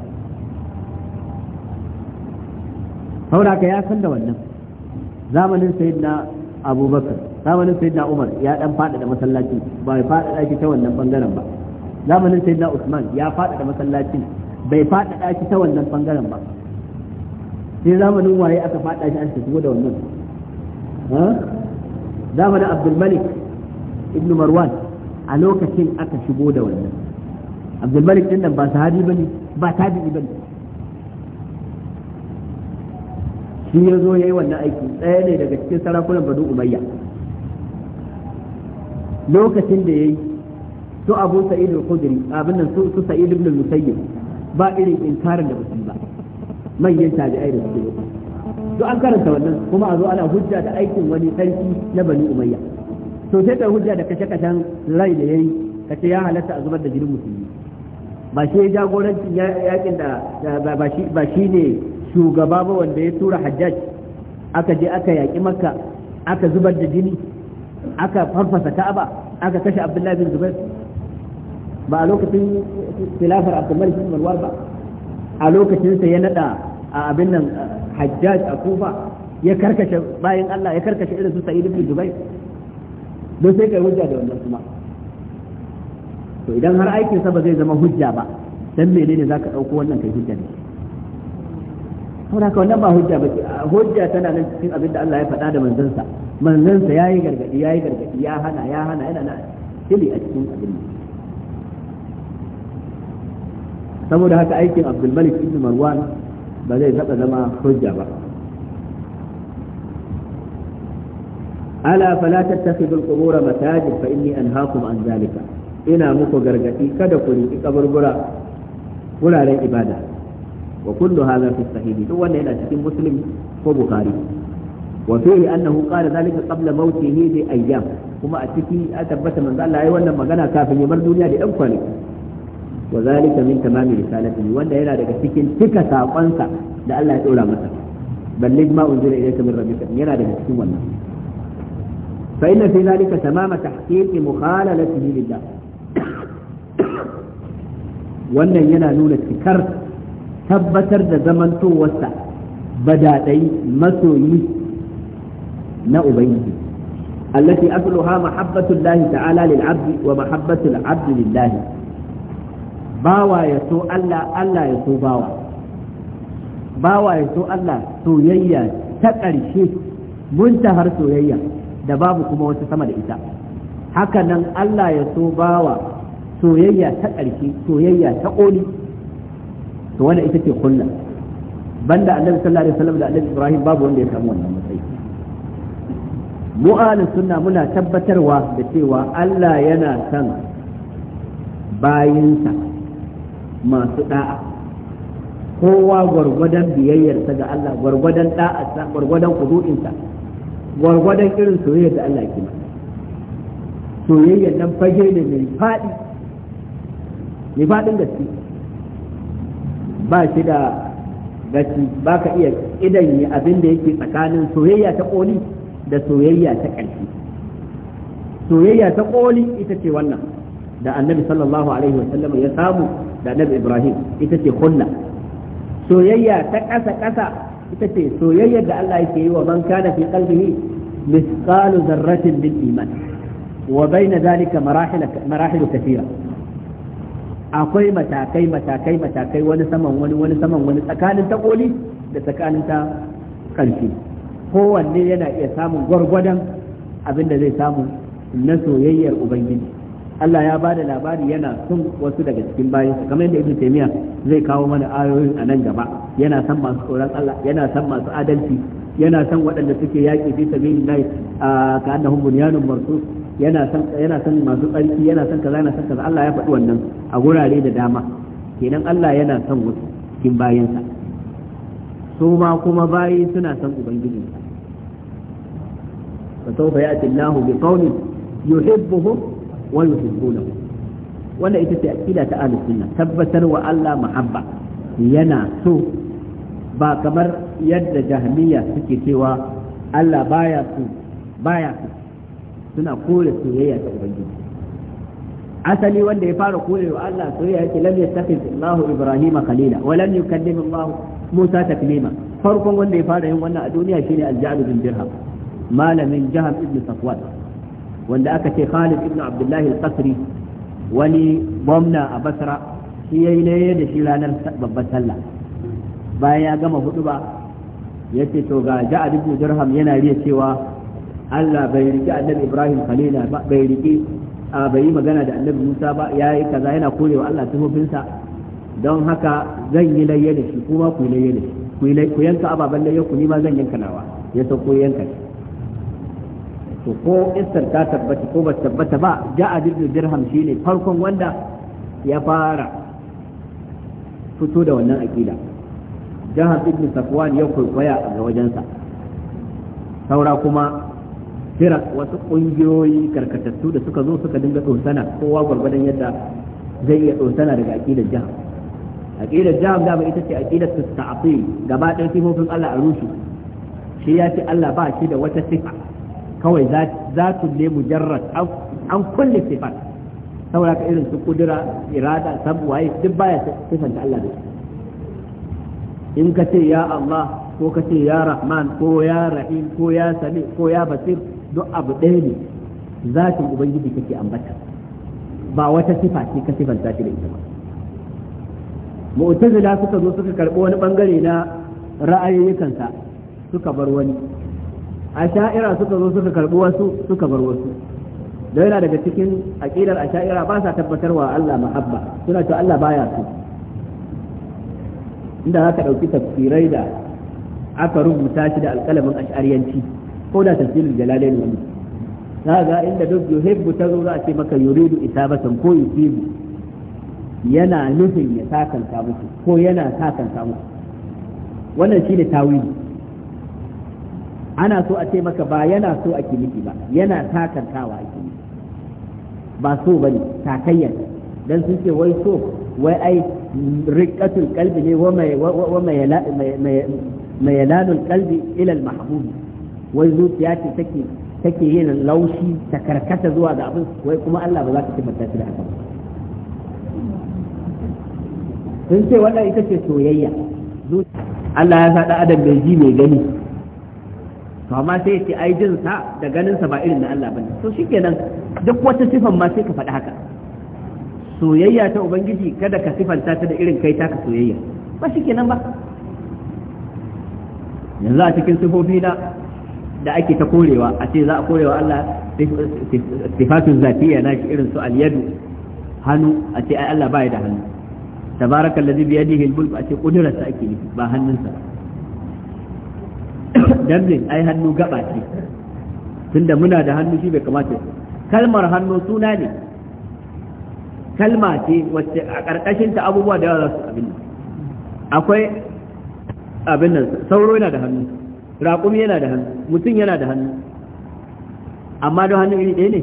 saboda ka ya san da wannan zamanin sayyidina abubakar zamanin sayyidina umar ya dan faɗaɗa masallaci ba ya faɗaɗa shi ta wannan bangaren ba zamanin sayyidina usman ya faɗaɗa masallaci bai faɗaɗa shi ta wannan bangaren ba sai zamanin waye aka faɗa shi an shigo da wannan zamanin abdul malik ibn marwan a lokacin aka shigo da wannan abdul malik din nan ba sahabi bane ba tabi'i bane shi ya zo ya yi wannan aiki ɗaya ne daga cikin sarakunan banu umayya lokacin da ya yi su abu sa'id al-khudri abin nan su sa'id ibn al-musayyib ba irin inkarin da musulmi ba manyan tabi'ai da suke duk an karanta wannan kuma a zo ana hujja da aikin wani sarki na bani umayya to sai ta hujja da kashe kashen rai da yayi kace ya halatta a zubar da jirin musulmi ba shi ya jagoranci yakin da ba shi ne shugaba ba wanda ya tura hajjaj aka je aka yaƙi maka aka zubar da jini aka farfasa ka'aba aka kashe abdullahi bin zubair ba a lokacin filafar abdullahi bin marwar ba a lokacinsa ya nada a abin nan hajjaj a kufa ya karkashe bayan allah ya karkashe irin su sa'id bin zubair don sai kai hujja da wannan kuma to idan har aikinsa ba zai zama hujja ba dan menene zaka dauko wannan kai hujja ne saboda haka wannan ba hujja ba hujja tana nan cikin abin da Allah ya faɗa da manzansa manzansa gargaɗi ya yi gargadi ya hana ya hana yana na shiri a cikin abin saboda haka aikin Abdul ibn Marwan ba zai taɓa zama hujja ba ala fala tattakhidul qubur masajid fa inni anhaakum an zalika ina muku gargadi kada ku riƙi kaburbura wuraren ibada wa kullu hadha fi sahih duk wanda yana cikin muslim ko bukhari wa fihi annahu qala dhalika qabla mawtihi bi ayyam kuma a ciki a tabbata manzo Allah yayi wannan magana kafin ya bar duniya da ɗan kwanaki wa zalika min tamami risalatihi wanda yana daga cikin cika sakonsa da Allah ya dora masa ballig ma unzila ilayka min rabbika yana daga cikin wannan tamama tahqiqi mukhalalatihi wannan yana nuna cikar tabbatar da zamantowarsa badadai masoyi na ubangiji allati asluha mahabbatu Allah ta'ala lil abdi wa mahabbatu al abdi lillah bawa ya so Allah Allah ya so bawa bawa ya so Allah soyayya ta ƙarshe muntahar soyayya da babu kuma wata sama da ita haka nan Allah ya so bawa soyayya ta ƙarshe soyayya ta ƙoli to wannan ita ce kulla banda annabi sallallahu alaihi wasallam da annabi ibrahim babu wanda ya samu wannan matsayi mu ahlus sunna muna tabbatarwa da cewa Allah yana son bayinsa masu da'a kowa gwargwadon biyayyarsa ga Allah gwargwadon da'arsa gwargwadon kudu'insa gwargwadon irin soyayya da Allah ke Soyayya soyayyar nan fage ne mai faɗi mai faɗin gaske ba shi da gaci ba ka iya idan abin da yake tsakanin soyayya ta koli da soyayya ta ƙarfi soyayya ta koli ita ce wannan da annabi sallallahu alaihi sallam ya samu da annabi ibrahim ita ce kulla soyayya ta ƙasa ƙasa ita ce soyayyar da Allah yake yi wa man kana fi qalbihi misqalu dharratin min iman wa bayna dhalika marahil marahil kathira akwai matakai matakai matakai wani saman wani wani saman wani tsakanin ta koli da tsakanin ta ƙarfi kowanne yana iya samun gwargwadon abin da zai samu na soyayyar ubangiji Allah ya ba da labari yana son wasu daga cikin su kamar yadda ibn taymiya zai kawo mana ayoyin a nan gaba yana san masu tsoron Allah yana son masu adalci yana san waɗanda suke yaƙi fi sabilillah ka annahum bunyanun marsus yana san yana san masu tsarki yana san kaza yana san kaza Allah ya faɗi wannan a gurare da dama kenan Allah yana san wasu cikin bayansa su ma kuma bayi suna san ubangiji fa sawfa ya'ti Allahu bi qawli yuhibbuhum wa yuhibbunahu wannan ita ce aqida ta ahlus sunna tabbatar wa Allah mahabba yana so ba kamar yadda jahmiya suke cewa Allah baya so baya so suna kore soyayya ta ubangiji asali wanda ya fara kore wa Allah soyayya yake lam yattakhidh Allah Ibrahim khalila wa lam yukallim Allah Musa taklima farkon wanda ya fara yin wannan a duniya shine Al-Ja'd bin Dirham malamin Jahab ibn Safwan wanda aka ce Khalid ibn Abdullah al-Qasri wani gwamna a Basra shi yayi ne da shi ranar babbar sallah bayan ya gama hudu ba yace to ga Ja'd ibn Dirham yana riya cewa Allah bai riki annabi Ibrahim khalila ba bai riki a bai yi magana da annabi Musa ba yayi kaza yana korewa Allah tufofinsa don haka zan yi layya da shi kuma ku layya da shi ku yanka ababen layya ku ni ma zan yanka nawa ya sauko yanka shi to ko istar ta tabbata ko ba tabbata ba ja'a ibn dirham shine farkon wanda ya fara fito da wannan akida jahan ibn safwan ya kwaikwaya a wajensa saura kuma firak wasu ƙungiyoyi karkatattu da suka zo suka dinga tsotsana kowa gwargwadon yadda zai iya tsotsana daga aqidar jiha aƙidar jihar da ba ita ce ta ta'til gaba ɗaya sifofin Allah a rushe shi ya ce Allah ba shi da wata sifa kawai za su ne mujarrad an kulle sifat saboda ka irin su kudura irada sabuwaye duk baya sifanta Allah da in ka ce ya Allah ko ka ce ya rahman ko ya rahim ko ya sami ko ya basir duk abu ɗaya ne zatin ubangiji kake ambata ba wata sifa ce ka sifanta shi da ita ba mu'tazila suka zo suka karɓi wani bangare na ra'ayoyinsa suka bar wani a sha'ira suka zo suka karɓi wasu suka bar wasu don yana daga cikin aƙidar a sha'ira ba sa tabbatarwa Allah mahabba suna cewa Allah baya so inda za ka ɗauki tafsirai da aka rubuta shi da alƙalamin ash'ariyanci ko da tafsirin jalalain wani za ga inda duk yuhibbu ta zo za a ce maka yuridu isabatan ko yusibu yana nufin ya sakanta muku ko yana sakanta muku wannan shine tawili ana so a ce maka ba yana so ake nufi ba yana sakantawa ake nufi ba so bane takayya dan sun ce wai so wai ai riqatul qalbi ne wa mai wa mai mayalanul qalbi ila al-mahbub wai zuciya ce take yin laushi ta karkata zuwa ga abin wai kuma Allah ba za ta kimanta shi da haka sun ce wannan ita ce soyayya Allah ya sa da adam mai ji mai gani to amma sai ce ai jin sa da ganin ba irin na Allah bane to shikenan duk wata sifan ma sai ka faɗi haka soyayya ta ubangiji kada ka sifanta ta da irin kai taka soyayya ba shikenan ba yanzu a cikin sifofi na da ake ta korewa a ce za a korewa Allah sifatun zafiya na shi irin su Aliyadu. hannu a ce ai Allah bai da hannu tabarakallazi bi yadihi al-mulk a ce kudrarsa ake nufi ba hannunsa damin ai hannu gaba ce tunda muna da hannu shi bai kamata kalmar hannu suna ne kalma ce wacce a ƙarƙashinta abubuwa da yawa za su abin akwai abin nan sauro yana da hannu raƙumi yana da hannu mutum yana da hannu amma don hannu iri ɗaya ne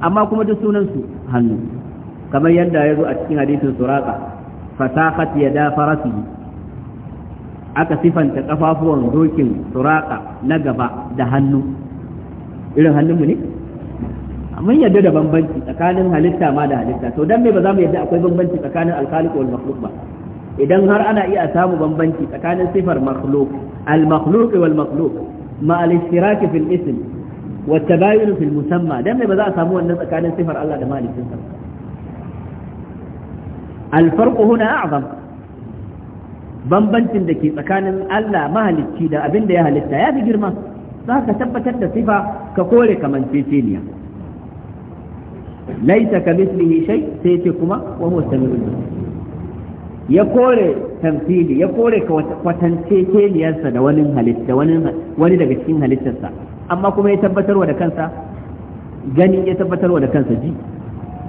amma kuma duk sunansu hannu kamar yadda ya zo a cikin hadisin suraka fasahat ya da farasi aka sifanta kafafuwan dokin suraka na gaba da hannu irin hannunmu ne mun yadda da bambanci tsakanin halitta ma da halitta to dan me ba za mu yadda akwai bambanci tsakanin alkhaliq wal makhluq ba idan har ana iya samu bambanci tsakanin sifar makhluq al makhluq wal makhluq ma al ishtiraki fil ism wa tabayun fil musamma dan me ba za a samu wannan tsakanin sifar Allah da malikin sa al farq huna a'zam bambancin da ke tsakanin Allah mahalicci da abin da ya halitta ya fi girma za ka tabbatar da sifa ka kore kamanceceniya laisa ka mislihi shay sai ce kuma wa huwa samiul basir ya kore tamfili ya kore kwatance keliyarsa da wani halitta wani daga cikin halittarsa amma kuma ya tabbatarwa da kansa gani ya tabbatarwa da kansa ji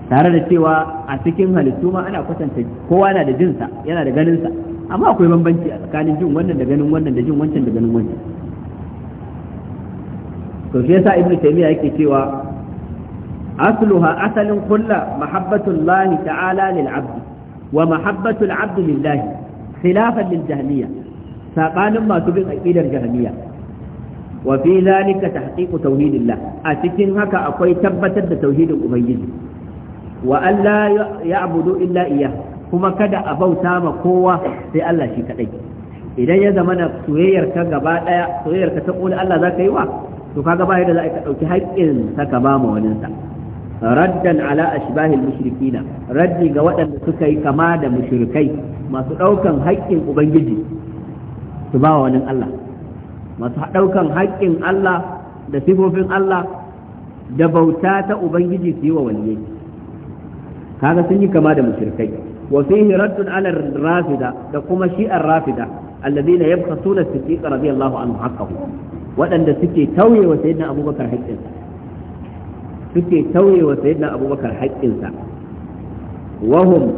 tare da cewa a cikin halittu ma ana kwatanta kowa na da jinsa yana da ganinsa amma akwai bambanci a tsakanin jin wannan da ganin wannan da jin wancan da ganin wancan to shi yasa ibnu taymiya yake cewa asluha asalin kulla mahabbatullahi ta'ala lil abdi wa mahabbatul abdu lillahi khilafan lil jahmiya masu bin aqidar jahmiya wa fi zalika tahqiqu tauhidillah a cikin haka akwai tabbatar da tauhidin ubangiji wa alla ya'budu illa iyyah kuma kada a bauta ma kowa sai Allah shi kaɗai idan ya zama na soyayyar ka gaba daya soyayyar ka ta kula Allah zaka yi wa to kaga ba yadda za ka dauki haƙƙin ta ka ma waninsa raddan ala ashbahil mushrikina raddi ga waɗanda suka yi kama da mushrikai masu ɗaukan haƙƙin ubangiji su ba wa wani Allah masu ɗaukan haƙƙin Allah da sifofin Allah da bauta ta ubangiji su yi wa waliyai kaga sun yi kama da mushrikai wa fihi raddun ala rafida da kuma shi'ar rafida alladhina yabkhasuna as-siddiq radiyallahu anhu haqqahu waɗanda suke tauye wa sayyidina abubakar haƙƙinsa suke tauye wa sayyidina abubakar haƙƙinsa wahum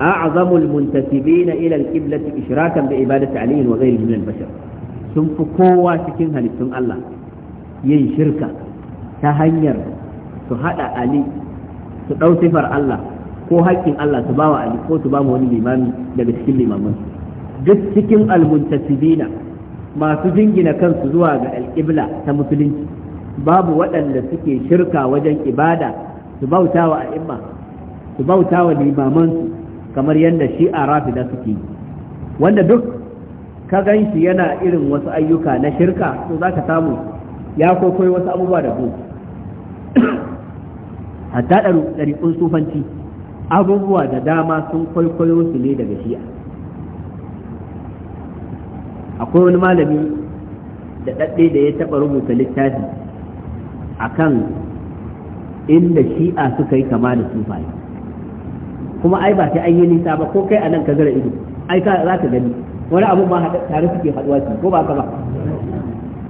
a'zamul muntasibina ila al-qiblati ishrakan bi ibadati ali wa ghayrihi min al-bashar sun fi kowa cikin halittun Allah yin shirka ta hanyar su hada ali su dau sifar Allah ko haƙƙin Allah su bawa ali ko su ba wani limami daga cikin limaman duk cikin al-muntasibina masu jingina kansu zuwa ga al-qibla ta musulunci babu waɗanda suke shirka wajen ibada su bauta wa a'imma su bauta wa limamansu kamar yadda shi'a rafida suke wanda duk ka gan shi yana irin wasu ayyuka na shirka to za ka samu ya kokoi wasu abubuwa da su hatta ɗariƙun sufanci abubuwa da dama sun kwaikwayo su ne daga shi'a akwai wani malami da ɗaɗɗe da ya taɓa rubuta littafi akan inda shi'a suka yi kama da sufaye kuma ai ba sai an yi nisa ba ko kai a nan ka gara ido ai ka za ka gani wani abun ma tare suke haɗuwa su ko ba ka ba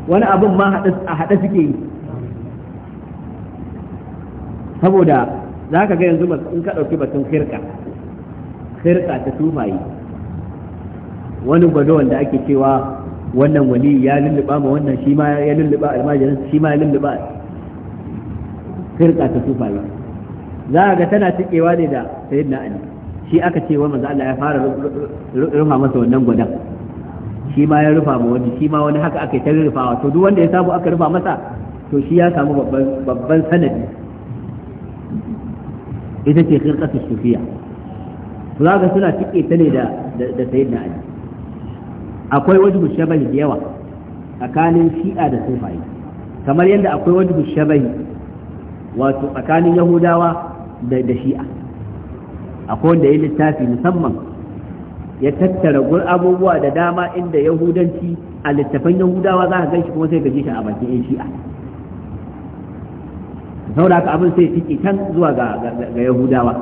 wani abun ma a haɗa suke yi saboda za ka ga yanzu in ka ɗauki batun firka firka ta sufaye wani gwado wanda ake cewa wannan wali ya lulluɓa ma wannan shi ma ya lulluɓa almajirin shi ma ya lulluɓa firka ta sufaye za a ga tana cikewa ne da sayyidina ali shi aka ce wa manzo Allah ya fara rufa masa wannan gudan shi ma ya rufa ma wani shi ma wani haka aka yi ta rufawa to duk wanda ya samu aka rufa masa to shi ya samu babban sanadi ita ce ta sufiya za ga suna cike ta ne da da sayyidina ali akwai wajhu shabahi da yawa tsakanin shi'a da sufaye kamar yadda akwai wajhu shabahi wato tsakanin yahudawa da shi'a akwai wanda ya littafi musamman ya tattara gur abubuwa da dama inda yahudanci a littafan yahudawa za a ganshi kuma sai ga shi a bakin yan shi'a saboda haka abin sai tiki can zuwa ga yahudawa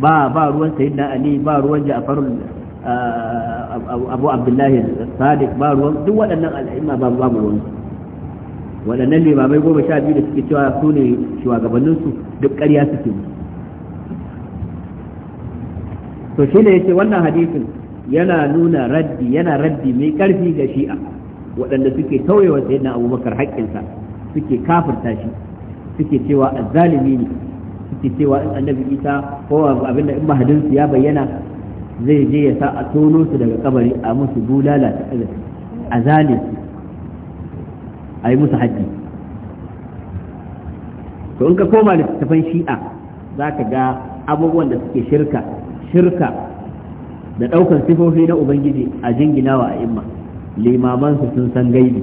ba ba ruwan na ali ba ruwan ja'farul uh, abu abdullahi sadiq ba ruwan duk waɗannan al'imma ba babu ruwan waɗannan limamai goma sha biyu da suke cewa su ne shugabanninsu duk ƙarya suke to shi ne yace wannan hadisin yana nuna raddi yana raddi mai ƙarfi ga shi'a waɗanda suke tauyewa sayyidina abubakar haƙƙinsa suke kafirta shi suke cewa azzalimi ne suke cewa in annabi isa ko abinda in mahadinsu ya bayyana zai je ya sa a tono su daga kabari a musu bulala ta azalim a yi musu haji to in ka koma littattafan shi'a za ka ga abubuwan da suke shirka shirka da ɗaukar sifofi na ubangiji a jingina wa a'imma limamansu sun san gaibi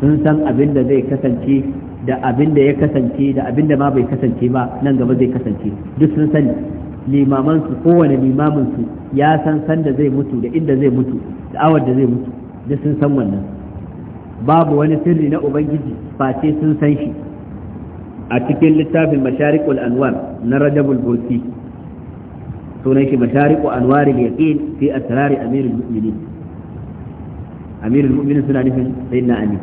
sun san abin da zai kasance da abin da ya kasance da abin da ma bai kasance ba nan gaba zai kasance duk sun sani limamansu kowane limaminsu ya san san da zai mutu da inda zai mutu da awar da zai mutu duk sun san wannan babu wani sirri na ubangiji face sun san shi a cikin littafin masharikul anwar na rajabul bursi sunan shi masharikul anwar al-yaqin fi asrari amirul mu'minin amirul mu'minin suna nufin sayyidina ali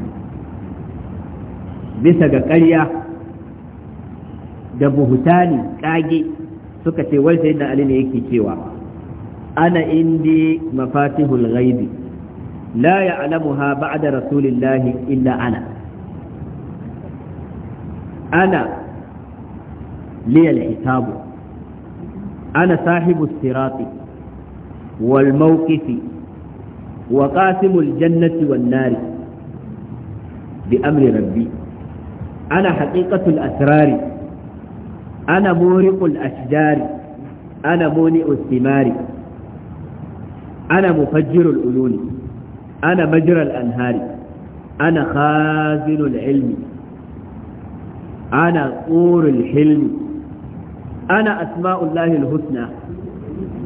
bisa ga ƙarya da buhutani kage suka ce wai sayyidina ali ne yake cewa ana indi mafatihul ghaibi لا يعلمها بعد رسول الله إلا أنا أنا لي الحساب أنا صاحب الصراط والموقف وقاسم الجنة والنار بأمر ربي أنا حقيقة الأسرار أنا مورق الأشجار أنا مونئ الثمار أنا مفجر العيون أنا مجرى الأنهار أنا خازن العلم أنا قور الحلم أنا أسماء الله الحسنى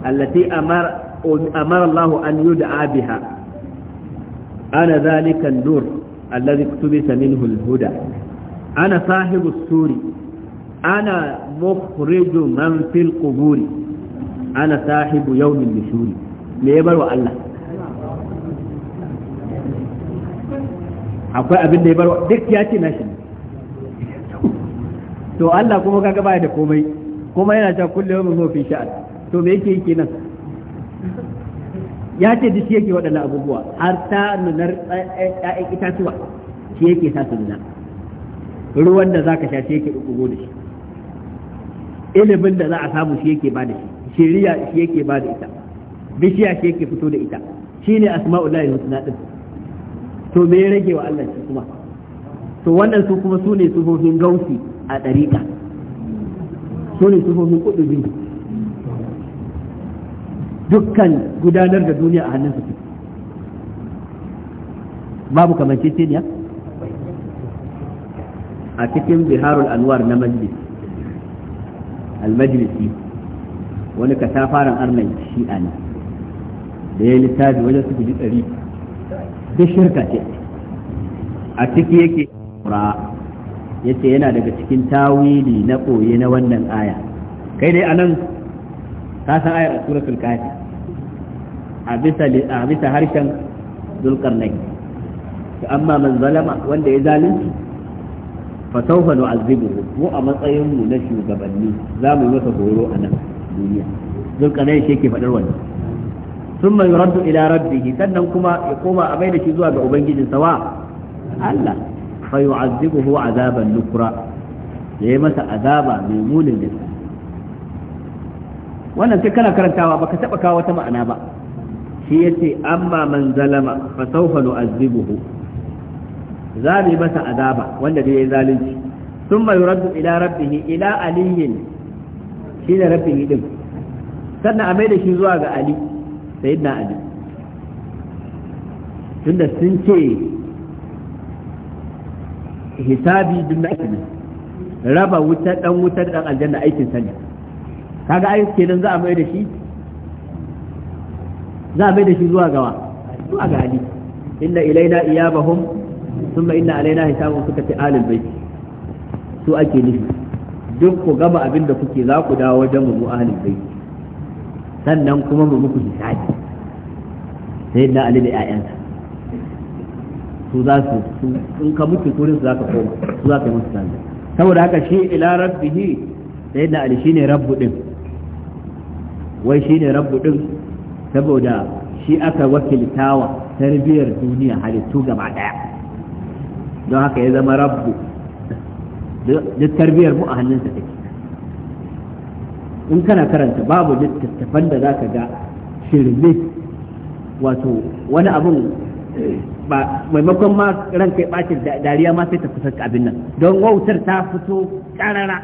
التي أمر, أمر الله أن يدعى بها أنا ذلك النور الذي اقتبس منه الهدى أنا صاحب السور أنا مخرج من في القبور أنا صاحب يوم النشور ليبروا الله akwai abin da ya bar duk ya ce nashi to Allah kuma kaga baya da komai kuma yana ta kulle yau mun fi to me yake yake nan ya ce duk yake waɗannan abubuwa har ta nunar ƴaƴan itatuwa shi yake sa su nuna ruwan da zaka sha shi yake dukugo da shi ilimin da za a samu shi yake ba da shi shiriya shi yake ba da ita bishiya shi yake fito da ita shine asma'ullahi husna din to me ya rage wa Allah shi kuma to wannan su kuma su ne sufofin gausi a ɗariƙa su ne sufofin ƙudubi dukkan gudanar da duniya a hannun su babu ya? a cikin biharul anwar na majlis almajlisi wani katafaren arnan shi'a ne da ya littafi wajen su ɗari duk shirka ce a ciki yake kura yace yana daga cikin tawili na ɓoye na wannan aya kai dai anan ka san ayar suratul kafi a bisa a bisa harshen zulkarnai amma man zalama wanda ya zalunci fa na azibu mu a matsayinmu na shugabanni za mu yi masa horo a nan duniya zulkarnai shi ke faɗar wannan thumma yuraddu ila rabbih sannan kuma ya koma a mai da shi zuwa ga ubangijin sawa Allah fa yu'azzibuhu azaban nukra ya masa azaba mai munin gaske wannan sai kana karantawa baka taba kawo wata ma'ana ba shi yace amma man zalama fa sawfa nu'azzibuhu za mu yi masa azaba wanda dai yayi zalunci thumma yuraddu ila rabbih ila aliyin shi da rabbih din sannan a mai da shi zuwa ga ali sayyidina ali tunda sun ce hisabi duk na ne raba wutar dan wutar dan aljanna aikin sani, kaga ai kenan za a mai da shi za a mai da shi zuwa gawa zuwa ga ali inna ilaina iyabahum thumma inna alaina hisabahum suka ce alil bait su ake nufi duk ku gama abin da kuke za ku dawo wajen mu ahlul bai? sannan kuma mu muku hisabi sai na ali da ƴaƴansa su za su in ka mutu turin su za ka koma su za ka yi musu sallah saboda haka shi ila rabbihi sai na ali shine rabbu din wai shine rabbu din saboda shi aka wakiltawa tarbiyar duniya halittu gaba daya don haka ya zama rabbu duk tarbiyar mu a hannunsa take in kana karanta babu littattafan da za ka ga shirme wato wani abin ba maimakon ma ran kai bacin dariya ma sai ta kusa abin nan don wautar ta fito karara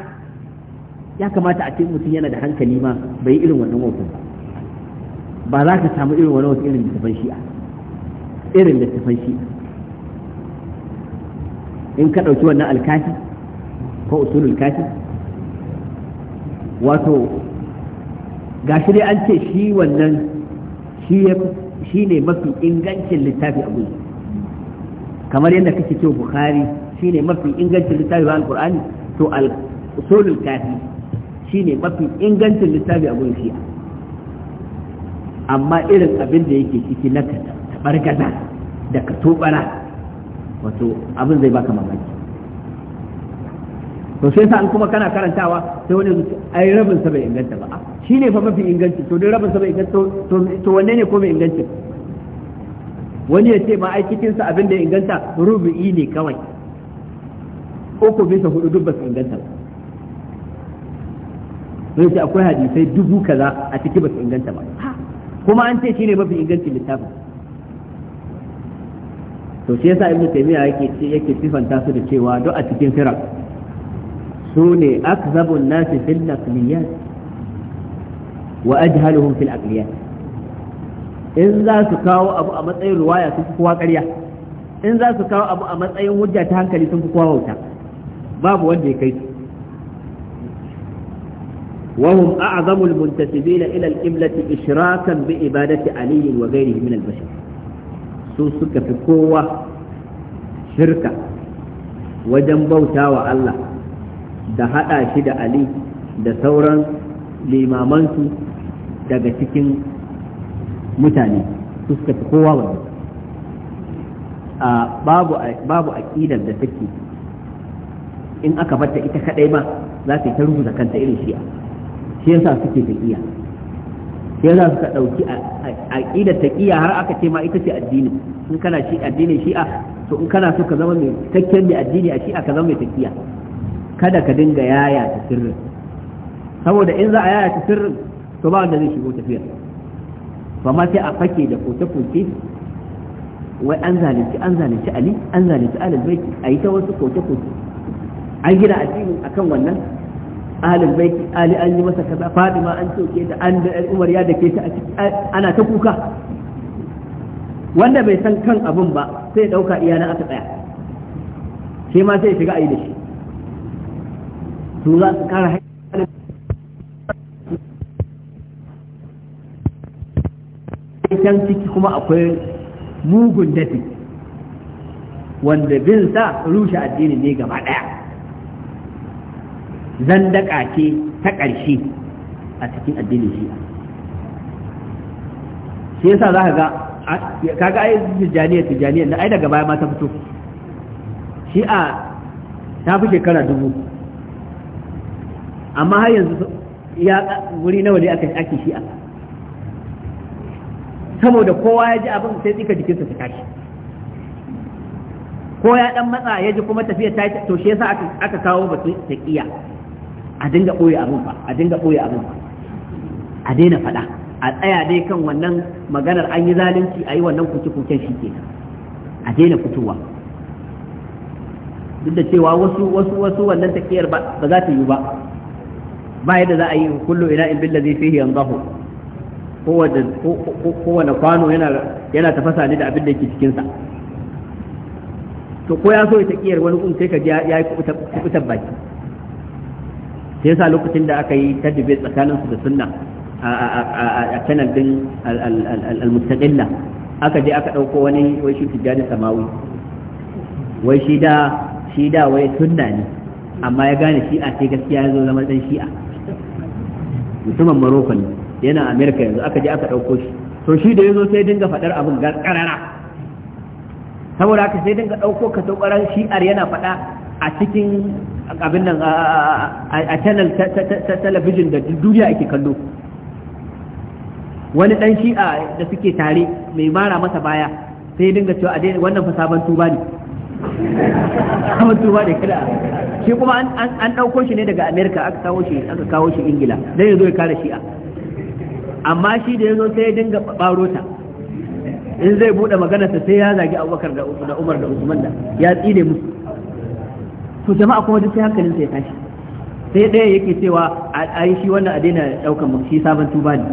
ya kamata a ce mutum yana da hankali ma bai irin wannan wautar ba za ka samu irin wani wasu irin shi shi'a irin littattafan shi'a in ka ɗauki wannan alkashi ko usulul kashi wato shi dai an ce shi wannan shi ne mafi ingancin littafi a gudu kamar yadda kake ce bukhari shi ne mafi ingancin littafi a alkur'ani to al-usulul kafi shi ne mafi ingancin littafi a gudu shi amma irin abin da yake ciki na tabargaza da tobara wato abin zai baka mamaki to sai sa kuma kana karantawa sai wani ai rabin sa bai inganta ba ah, shi ne fa mafi inganci to dai rabin sa bai inganta to wanne ne ko mai inganci wani ya ce ma ai cikin sa abin da ya inganta rubu'i ne kawai uku bisa hudu duk ba su inganta ba sai ce akwai hadisai dubu kaza a ciki ba su inganta ba kuma an ce shi ne mafi inganci littafin to shi yasa ibnu taymiya yake yake sifanta su da cewa duk a cikin firar su ne akzabun nasi fil naqliyat wa ajhaluhum fil aqliyat in za su kawo abu a matsayin ruwaya sun fi kowa ƙarya in za su kawo abu a matsayin hujja ta hankali sun fi kowa wauta babu wanda ya kai وهم أعظم المنتسبين إلى القبلة إشراكا بإبادة علي وغيره من البشر سوسك في قوة شركة وجنبوتا الله da haɗa shi da ali da sauran limamansu daga cikin mutane suka fi kowa wani babu aƙidar da take in aka bata ita kaɗai ba za ta yi ta rubuta kanta irin shi'a shi yasa suke iya shi yasa suka ɗauki aƙidar taƙiya har aka ce ma ita ce addini in kana shi addinin shi'a to in kana so ka zama mai cikakken mai addini a shi'a ka zama mai taƙiya kada ka dinga yaya ta sirrin saboda in za a yaya ta sirrin to ba wanda zai shigo tafiyar to ma sai a fake da koke-koke wai an zalunci an zalunci ali an zalunci alal baiti a yi ta wasu koke-koke an gina addinin akan wannan ahalin baiti ali an yi masa kaza fadima an soke da an da umar ya dake ta ana ta kuka wanda bai san kan abin ba sai dauka iya na aka tsaya shi ma sai shiga ayi da shi su za su kara haƙƙin da ciki kuma akwai mugun dafi wanda bin sa rushe addini ne gaba ɗaya zandaka ce ta ƙarshe a cikin addinin shi'a shi yasa za ka ga kaga ai tijjaniya tijjaniya na ai daga baya ma ta fito shi'a ta fi shekara dubu amma har yanzu ya wuri nawa ne aka ake shi a saboda kowa ya ji abin sai tsika jikinsa ta tashi ko ya dan matsa ya ji kuma tafiya ta to shi yasa aka kawo batu taqiya a dinga boye abin fa a dinga boye abin fa a daina faɗa a tsaya dai kan wannan maganar an yi zalunci a yi wannan kuke-kuken shi ke a daina fitowa duk da cewa wasu wasu wasu wannan takiyar ba za ta yi ba ba yadda za a yi kullu ina in billazi fihi yanzahu kowace kowane kwano yana yana tafasa ne da abin da yake cikin sa to ko ya so ya takiyar wani kun sai ka ji ya yi kubutar baki sai yasa lokacin da aka yi ta tsakanin su da sunna a a channel din al-mustaqilla aka je aka dauko wani wai shi tijjani samawi wai shi da shi da wai sunna ne amma ya gane shi'a sai gaskiya ya zo zama dan shi'a mutumin Morocco ne yana America yanzu aka je aka ɗauko shi to shi da yazo sai dinga faɗar abin karara saboda haka sai dinga ɗauko ka saukaran shi'ar yana faɗa a cikin abin nan a channel television da duniya ake kallo wani ɗan shi'a da suke tare mai mara masa baya sai dinga cewa a wannan fa sabon tuba ne kamar tuba da kira shi kuma an ɗauko shi ne daga amerika aka kawo shi aka kawo shi ingila don ya zo ya kare shi'a amma shi da ya zo sai ya dinga ɓaro ta in zai buɗe maganarsa sai ya zagi abubakar da umar da usman da ya tsine musu to jama'a kuma duk sai sa ya tashi sai ɗaya yake cewa a yi shi wannan a daina ɗaukan mu shi sabon tuba ne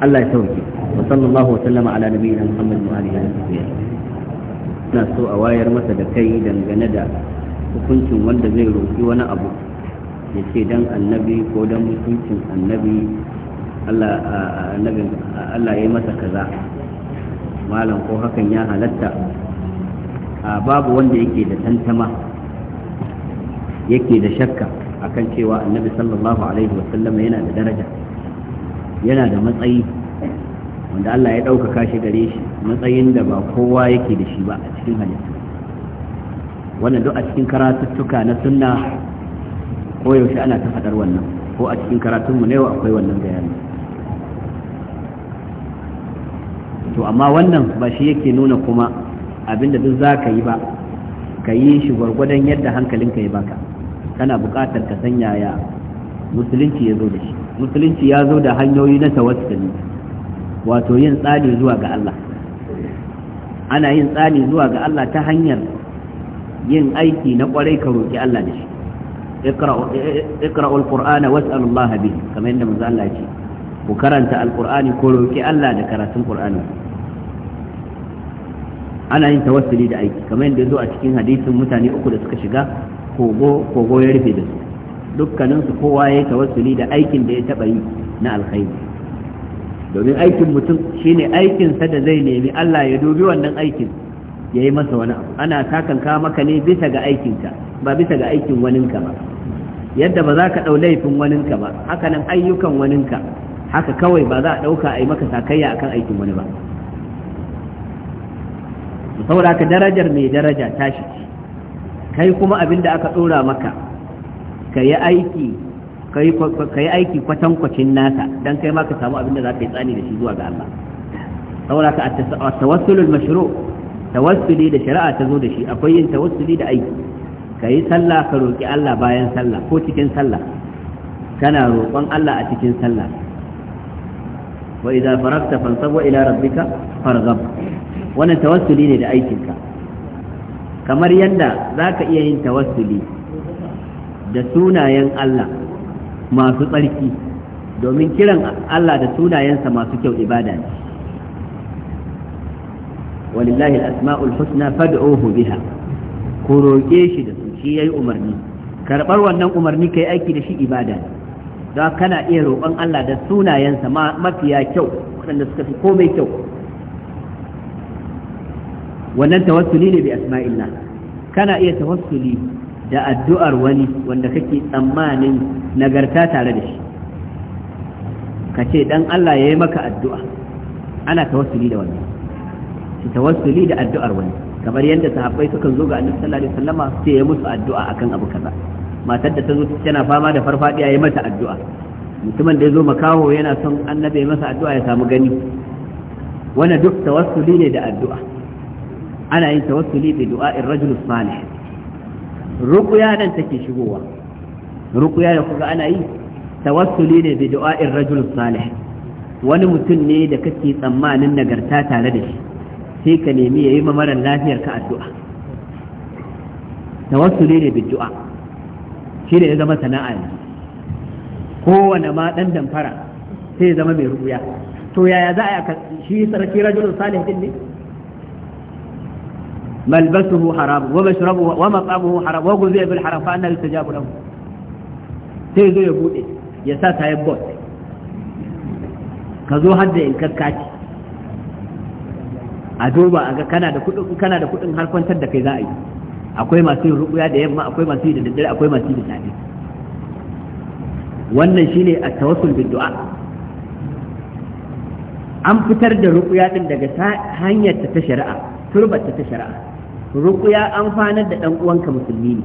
Allah ya sauke وصلى الله وسلم على نبينا محمد وآله وصحبه ina so a wayar masa da kai dangane da hukuncin wanda zai roƙi wani abu ya ce dan annabi ko dan mutuncin annabi Allah ya yi masa kaza malam ko hakan ya halatta a babu wanda yake da tantama yake da shakka akan cewa annabi sallallahu alaihi wasallam yana da daraja yana da matsayi wanda Allah ya ɗaukaka shi gare shi matsayin da ba kowa yake da shi ba a cikin halittu wannan duk a cikin karatuttuka na sunna ko yaushe ana ta faɗar wannan ko a cikin karatunmu na yau akwai wannan bayani to amma wannan ba shi yake nuna kuma abinda duk za ka yi ba ka yi shi gwargwadon yadda hankalinka ya baka kana buƙatar ka san yaya musulunci ya zo da shi musulunci ya zo da hanyoyi na tawassuli wato yin tsani zuwa ga Allah ana yin tsani zuwa ga Allah ta hanyar yin aiki na kwarai ka roƙi Allah da shi iqra'ul qur'ana was'alullah bihi kamar yadda manzo Allah ya ce ku karanta alqur'ani ko roƙi Allah da karatun qur'ani ana yin tawassuli da aiki kamar yadda zo a cikin hadisin mutane uku da suka shiga kogo kogo ya rufe da su dukkaninsu kowa ya yi tawassuli da aikin da ya taba yi na alkhairi domin aikin mutum shine aikinsa da zai nemi Allah ya dubi wannan aikin ya yi masa wani abu ana takanka maka ne bisa ga aikinka ba bisa ga aikin waninka ba yadda ba za ka ɗau laifin waninka ba haka nan ayyukan waninka haka kawai ba za a ɗauka a yi maka sakayya akan aikin wani ba saboda ka darajar mai daraja tashi kai kuma abin da aka ɗora maka ka yi aiki ka yi aiki kwatankwacin nasa don kai ma ka samu abin da za ka yi tsani da shi zuwa ga Allah saboda ka a tawassulul mashru tawassuli da shari'a ta zo da shi akwai yin tawassuli da aiki ka yi sallah ka roƙi Allah bayan sallah ko cikin sallah kana roƙon Allah a cikin sallah wa idza faragta fansab wa ila rabbika farghab wannan tawassuli ne da aikinka kamar yanda zaka iya yin tawassuli da sunayen Allah masu tsarki domin kiran Allah da sunayensa masu kyau ibada ne walillahi al-asma'ul husna fad'uhu biha ku roƙe shi da su shi yayi umarni karɓar wannan umarni kai aiki da shi ibada ne don kana iya roƙon Allah da sunayensa mafiya kyau waɗanda suka fi komai kyau wannan tawassuli ne bi asma'illah kana iya tawassuli da addu'ar wani wanda kake tsammanin nagarta tare da shi ka ce dan Allah ya yi maka addu'a ana tawassuli da wannan shi tawassuli da addu'ar wani kamar yadda sahabbai sukan zo ga annabi sallallahu alaihi wasallama sai ya musu addu'a akan abu kaza matar da ta zo tana fama da farfadiya ya mata addu'a mutumin da ya zo makaho yana son annabi ya masa addu'a ya samu gani wannan duk tawassuli ne da addu'a ana yin tawassuli bi du'a'ir rajul salih ruqya nan take shigowa ruqya da kuga ana yi tawassuli ne bi du'a'ir rajul salih wani mutum ne da kake tsammanin nagarta tare da shi sai ka nemi yayi ma marar lafiyar ka addu'a tawassuli ne bi du'a shi ne ya zama sana'a ne kowane ma dan damfara sai ya zama mai ruqya to yaya za a shi sarki rajul salih din ne ملبسه حرام ومشربه ومطعمه حرام وغذي بالحرام فأنا يستجاب له sai zo ya bude ya sa tayar bot ka zo har da in karkaci a duba a ga kana da kudin kana da kudin har kwantar da kai za a yi akwai masu yin rubuya da yamma akwai masu yi da daddare akwai masu yi da safe wannan shine a tawassul bil du'a an fitar da rubuya din daga hanyar ta shari'a turbar ta shari'a rubuya an fanar da dan uwanka musulmi ne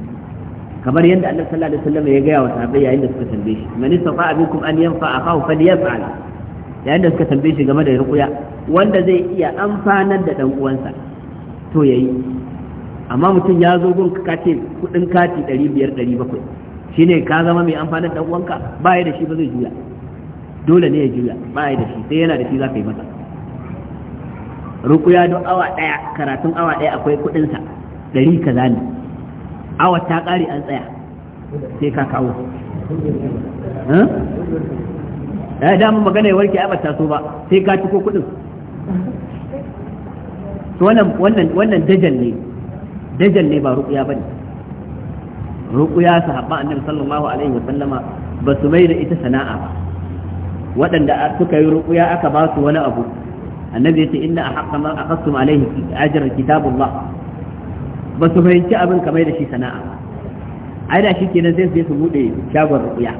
kamar yadda annabi sallallahu alaihi wasallam ya gaya wa sahabbai yayin da suka tambaye shi man istafa abikum an yanfa akahu falyaf'al yayin da suka tambaye shi game da ruqya wanda zai iya amfanar da dan uwansa to yayi amma mutum ya zo gurin ka ce kudin kati 500 700 shine ka zama mai amfanar dan uwanka ba ya da shi ba zai juya dole ne ya juya ba ya da shi sai yana da shi za ka yi masa ruqya don awa daya karatun awa daya akwai kudin sa dari kaza ne awa ta ƙare an tsaya sai ka kawo ya eh, dama magana ya warke abata so ba sai ka ci ko kudin wannan dajal ne dajal ne ba ruƙuya ba ne ruƙuya sahabba annabi sallallahu alaihi wasallama ba su mai da ita sana'a ba waɗanda suka yi ruƙuya aka ba su wani abu annabi ya ce inna a haƙa ma a alaihi ajiyar kitabullah ba su fahimci abin kamar da shi sana'a ai da shi kenan sai su su bude shagon rukuya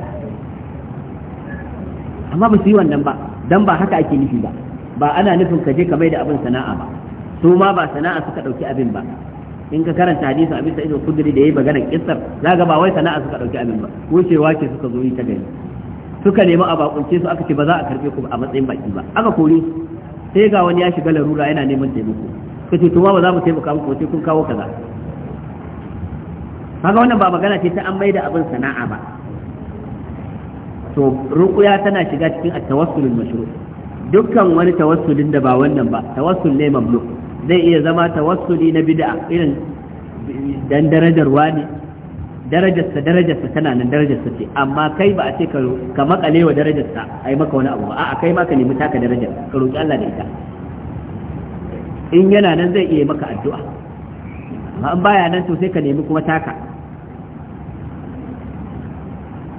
amma ba su yi wannan ba dan ba haka ake nufi ba ba ana nufin ka je kamar da abin sana'a ba su ma ba sana'a suka dauki abin ba in ka karanta hadisin abin sa'id al-khudri da yayi maganar kissar zaka ba wai sana'a suka dauki abin ba wucewa ce suka zo yi ta gani suka nemi a bakunce su aka ce ba za a karbe ku a matsayin baki ba aka kori sai ga wani ya shiga larura yana neman taimako kace to ba za mu taimaka muku sai kun kawo kaza kaga wannan ba magana ce ta an maida abin sana'a ba to ruqya tana shiga cikin at-tawassulul mashru' dukkan wani tawassulin da ba wannan ba tawassul ne mamlu zai iya zama tawassuli na bid'a irin dan darajar wani darajarsa sa tana nan darajarsa ce amma kai ba a ce ka makale wa darajarsa a yi maka wani abu ba a'a kai ma ka nemi taka darajar ka roki Allah da ita in yana nan zai iya maka addu'a amma in baya nan to sai ka nemi kuma taka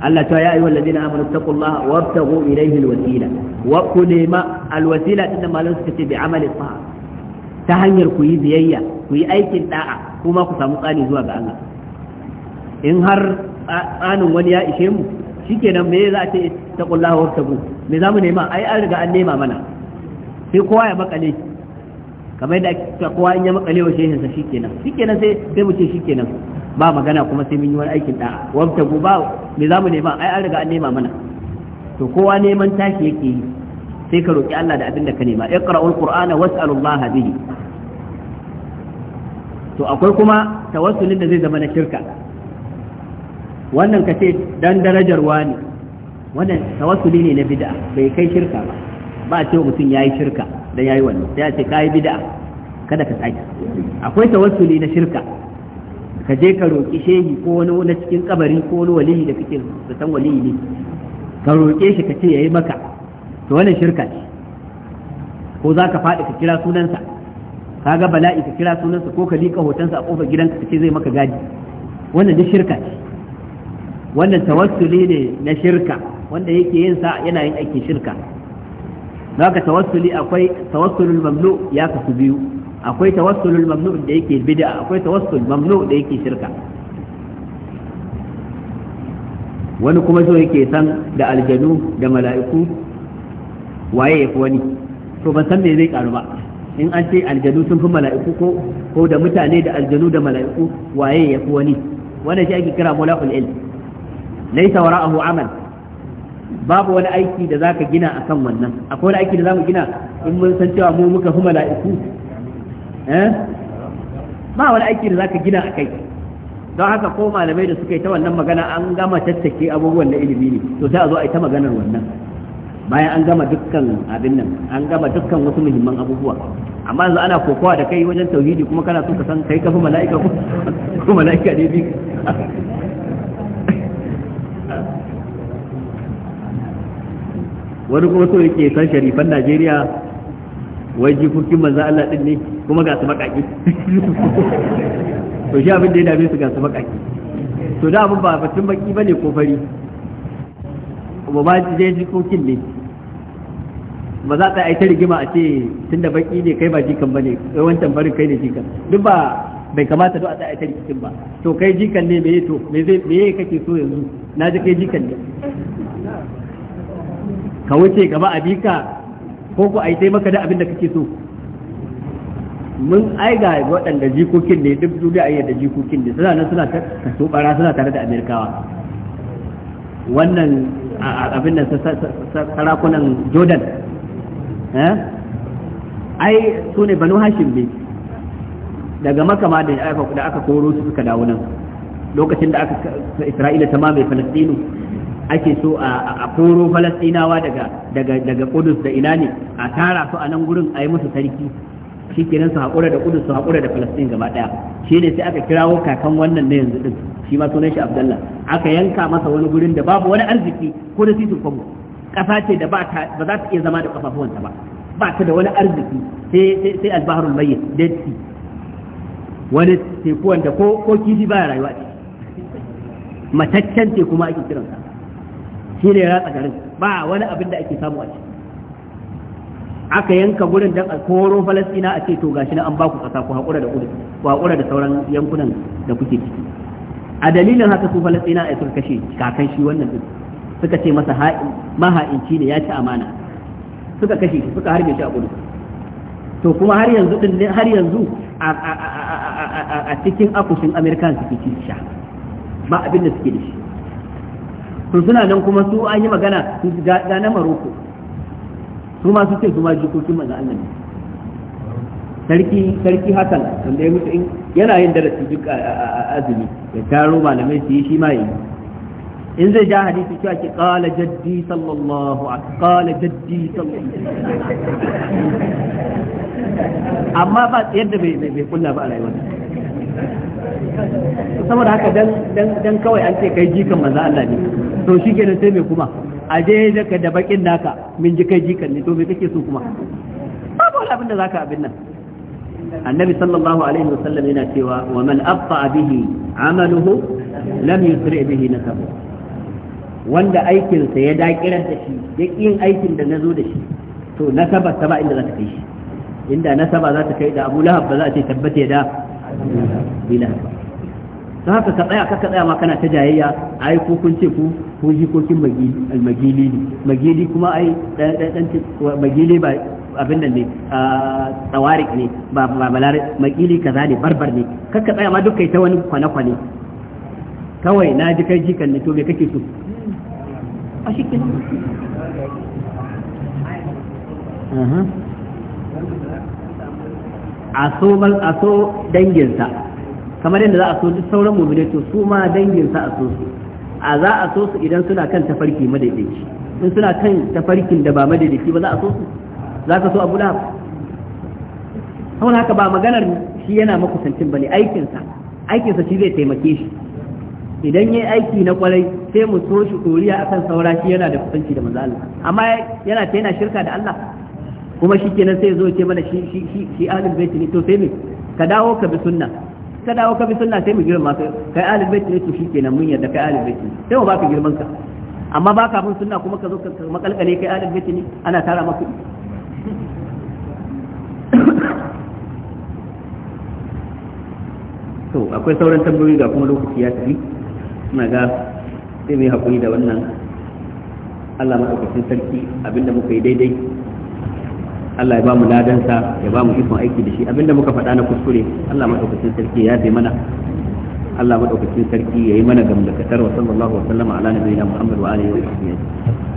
Allah ta ya ayyuha alladhina amanu taqullaha wabtaghu ilayhi alwasila wa kulima alwasila inda malan suka ce bi amali fa, ta hanyar ku yi biyayya ku yi aikin da'a kuma ku samu tsani zuwa ga Allah in har tsanin wani ya ishe mu shikenan me za a ce taqullaha wabtaghu me za mu nema ai an riga an nema mana sai kowa ya makale kamar da aka kowa in ya makale wa shehin sa shikenan shikenan sai sai mu ce shikenan ba magana kuma sai mun yi wani aikin da wanda ba me zamu nema ai an riga an nema mana to kowa neman tashi yake yi sai ka roki Allah da abin da ka nema iqra'ul qur'ana was'alullaha bihi to akwai kuma tawassulin da zai zama na shirka wannan ka ce dan darajar wani wannan tawassuli ne na bid'a bai kai shirka ba ba a ce mutum yayi shirka dan yayi wannan sai a ce kai bid'a kada ka sake akwai tawassuli na shirka ka je ka roki shehi ko wani na cikin kabari ko wani waliyi da kake da san waliyi ne ka roke shi ka ce yayi maka to wannan shirka ce ko za ka faɗi ka kira sunansa ka ga bala'i ka kira sunansa ko ka liƙa hotonsa a ƙofar gidanka ka ce zai maka gadi wannan duk shirka ce wannan tawassuli ne na shirka wanda yake yin sa yana yin aikin shirka haka tawassuli akwai tawassulul mamnu ya kasu biyu akwai tawassulul mamnu da yake bid'a akwai tawassul mamnu da yake shirka wani kuma so yake san da aljanu da mala'iku waye ya fi wani to ban san me zai karu ba in an ce aljanu sun fi mala'iku ko ko da mutane da aljanu da mala'iku waye ya fi wani wannan shi ake kira mulakul ilm laysa wara'ahu amal babu wani aiki da zaka gina akan wannan akwai wani aiki da zamu gina in mun san cewa mu muka fi mala'iku eh ba wani aiki da zaka gina akai don haka ko malamai da suka yi ta wannan magana an gama tattake abubuwan da ilimi ne to sai a zo a yi ta maganar wannan bayan an gama dukkan abin nan an gama dukkan wasu muhimman abubuwa amma yanzu ana kokowa da kai wajen tauhidi kuma kana so ka san kai kafi mala'ika ko mala'ika ne bi wani kuma so yake san sharifan Najeriya wai jikokin manzo Allah din ne kuma ga su makaki to shi abin da ya dame su ga su makaki to da abin ba batun baki bane ko fari kuma ba ji jikokin ne ba za ta yi ta rigima a ce tun da baki ne kai ba jikan ba ne kai wancan barin kai ne jikan duk ba bai kamata duk a ta yi ta rikicin ba to kai jikan ne me to me zai me kake so yanzu na ji kai jikan ne ka wuce gaba a bika ko ku ai maka da abin da kake so mun ai ga waɗanda jikokin ne duk duniya ai da jikokin ne suna nan suna so bara suna tare da amerikawa wannan abin nan sarakunan jordan eh? ai su ne banu hashim ne daga maka ma da aka koro su suka dawo nan lokacin da aka isra'ila ta mamaye falastinu ake so a koro falastinawa daga daga daga kudus da ina ne a tara su a nan gurin a yi musu sarki kenan su haƙura da kudus su haƙura da falastin gaba ɗaya shi ne sai aka kirawo kakan wannan na yanzu ɗin. shi ma sunan shi abdallah aka yanka masa wani gurin da babu wani arziki ko da titin kwabo ƙasa ce da ba za ta iya zama da ƙafafuwanta ba ba ta da wani arziki sai sai albaharul mayyit dead sea wani teku wanda ko ko kifi baya rayuwa ce mataccen teku ma ake kiransa shi ne ratsa garin ba wani abin da ake samu a ciki aka yanka gurin dan a koro falastina a ce to gashi na an baku kasa ku haƙura da kudu ku haƙura da sauran yankunan da kuke ciki a dalilin haka su falastina a suka kashe kakan shi wannan din suka ce masa maha'inci ne ya ci amana suka kashe shi suka harbe shi a kudu to kuma har yanzu din har yanzu a cikin akushin amerikan suke ci sha ba abin da suke da shi to suna nan kuma su an yi magana ga na maroko su ma su ce su ma jikokin manzo Allah ne sarki sarki hasan wanda ya mutu in yana yin darasi duk azumi ya taro malamai su yi shi ma yi in zai ja hadisi cewa ki qala jaddi sallallahu alaihi qala jaddi sallallahu amma ba yadda bai bai kulla ba a rayuwar saboda haka dan kawai an ce kai jikan maza Allah ne to shi ke sai me kuma a je daga da bakin naka min ji kai jikan ne to mai kake so kuma babu wani abin da za ka abin nan annabi sallallahu alaihi wasallam yana cewa wa man abqa bihi amaluhu lam yusri bihi nasabu wanda aikinsa ya dakirar da shi ya yin aikin da nazo da shi to nasaba ta ba inda za ta kai shi inda nasaba za ta kai da Abu Lahab ba za ta tabbata da bila ta haka ka tsaya ka tsaya ma kana ta jayayya ai ko kun ce ku ko jikokin magili ne magili kuma ai dan magili ba abin nan ne tsawarik ne ba balare magili kaza ne barbar ne kakka tsaya ma duk kai ta wani kwane-kwane kawai na ji kai jikan ne to me kake so a shi kenan a so a so danginsa kamar yadda za a so duk sauran mu'minai to su ma danginsa a so su a za a so su idan suna kan tafarki madaidaici in suna kan tafarkin da ba madaidaici ba za a so su za ka so abu lahab saboda haka ba maganar shi yana makusancin bane aikinsa aikinsa shi zai taimake shi idan yayi aiki na kwarai sai mu so shi koriya akan saura shi yana da kusanci da manzo Allah amma yana ta yana shirka da Allah kuma shi kenan sai zo ce mana shi shi shi shi ahlul bai ne to sai me ka dawo ka bi sunna ka dawo ka bi sunna sai mu girma ka kai ahlul bai ne to shi kenan mun yarda kai ahlul bai ne sai mu baka girman ka amma baka bin sunna kuma ka zo ka makalkale kai ahlul bai ne ana tara maka to akwai sauran tambayoyi ga kuma lokaci ya tafi ina ga sai mu yi hakuri da wannan Allah madaukakin sarki abinda muka yi daidai Allah ya ba mu ladansa ya ba mu ikon aiki da shi abinda muka faɗa na kuskure Allah madaukakin sarki ya yafe mana Allah madaukakin sarki ya yi mana gamdakatar wa sallallahu wa sallama ala nabiyina Muhammad wa alihi wa sahbihi